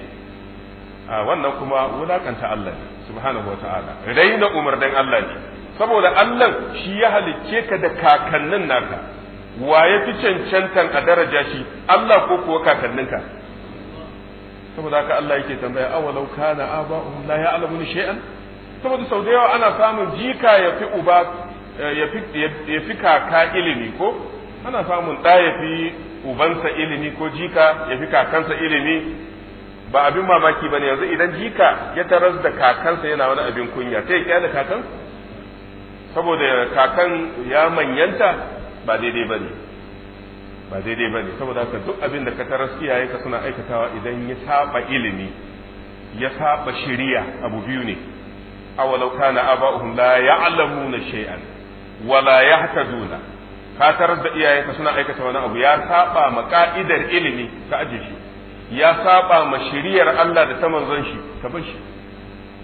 a wannan kuma wulakanta Allah ne subhanahu wataala raina umarnin Allah ne saboda Allah shi ya halicce ka da kakannin naka wa ya fi cancantan a daraja shi Allah ko kuwa kakanninka saboda haka Allah yake tambaya awalau kana aba'u la ya'lamuna shay'an saboda sau da yawa ana samun jika ya fi uba ya fi kaka ilimi ko ana samun ɗa ya fi ubansa ilimi ko jika ya fi kakansa ilimi ba abin mamaki ba ne yanzu idan jika ya taras da kakansa yana wani abin kunya sai ya kyale kakan saboda kakan ya manyanta ba daidai ba ne ba daidai ba ne saboda haka duk abin da ka taras ka suna aikatawa idan ya saba ilimi ya saba shiriya abu biyu ne awalau kana aba'uhum la ya'lamuna shay'an wala yahtaduna ka taras da ka suna aikata wani abu ya saba ma ka'idar ilimi ka aje shi ya saba ma shiriyar Allah da ta manzon shi ka bar shi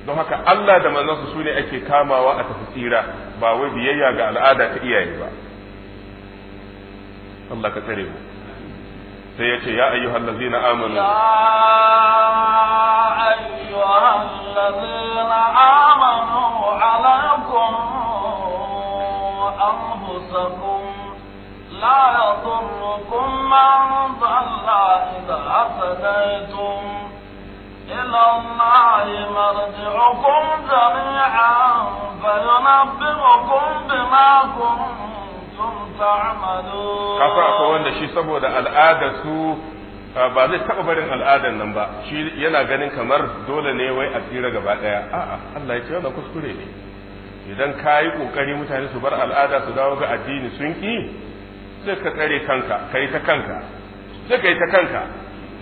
don haka Allah da manzon su ne ake kamawa a tafsira ba wai biyayya ga al'ada ta iyaye ba Allah ka tare mu sai ya ce ya ayyuhal ladzina amanu ya ayyuhal ladzina amanu alaikum anfusakum la yadurrukum man dhalla idha hadaytum إلى الله مرجعكم جميعا فينبئكم بما كنتم kasa akwai wanda shi saboda al'ada su ba zai taɓa barin al'adan nan ba shi yana ganin kamar dole ne wai a tsira gaba ɗaya a'a Allah ya ce wannan kuskure ne idan ka yi mutane su bar al'ada su dawo ga addini sun ki sai ka tsare kanka ka yi ta kanka sai ka ta kanka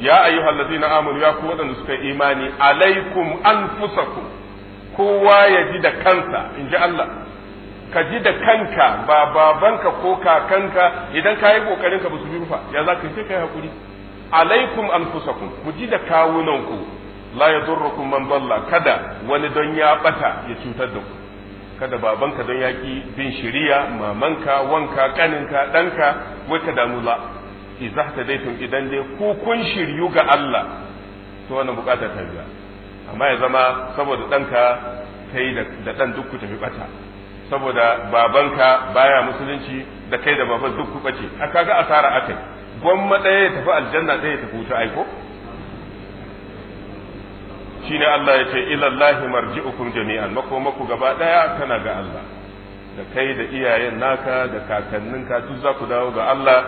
ya ayyuha na amanu ya ku waɗanda suka imani alaikum anfusakum kowa ya ji da kansa in ji Allah ka ji da kanka ba babanka ko kakanka idan ka yi kokarin ka su rufa ya za ka sai kai hakuri alaikum anfusakum ku ji da kawunanku la yadurrukum man dalla kada wani don ya bata ya cutar da ku kada babanka don yaki bin shiriya mamanka wanka kaninka danka wai ka damu la idza tadaitum idan dai ku kun shiryu ga Allah to wannan bukatar ta biya amma ya zama saboda danka kai da dan duk ku tafi bata saboda babanka baya musulunci da kai da baban duk kuka ce a kaga asara akai gwamma ɗaya ya tafi aljanna ɗaya ya tafi wuta aiko shine Allah ya ce ilallahi marji'ukum jami'an makomaku gaba ɗaya tana ga Allah da kai da iyayen naka da kakanninka duk za ku dawo ga Allah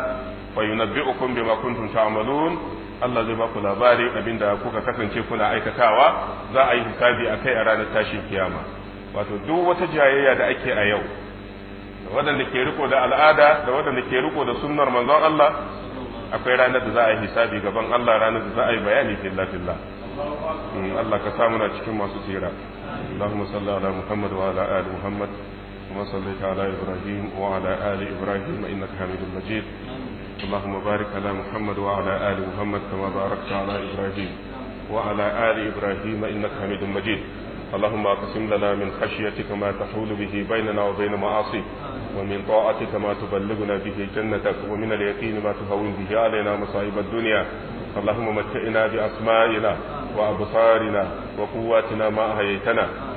fa yunabbi'ukum bima kuntum ta'malun Allah zai ba ku labari abinda kuka kasance kuna aikatawa za a yi hisabi akai a ranar tashin kiyama wato duk wata jayayya da ake a yau da waɗanda ke riko da al'ada da waɗanda ke riko da sunnar manzon Allah akwai ranar da za a yi hisabi gaban Allah ranar da za a yi bayani fillah fillah mm, Allah ka samu na cikin masu tsira Allahumma salli ala Muhammad wa ala ali Muhammad kuma sallaita ala Ibrahim wa ala ali Ibrahim innaka Hamidul Majid اللهم بارك على محمد وعلى آل محمد كما باركت على إبراهيم وعلى آل إبراهيم إنك حميد مجيد اللهم اقسم لنا من خشيتك ما تحول به بيننا وبين معاصيك ومن طاعتك ما تبلغنا به جنتك ومن اليقين ما تهون به علينا مصائب الدنيا اللهم متئنا بأسمائنا وأبصارنا وقواتنا ما أهيتنا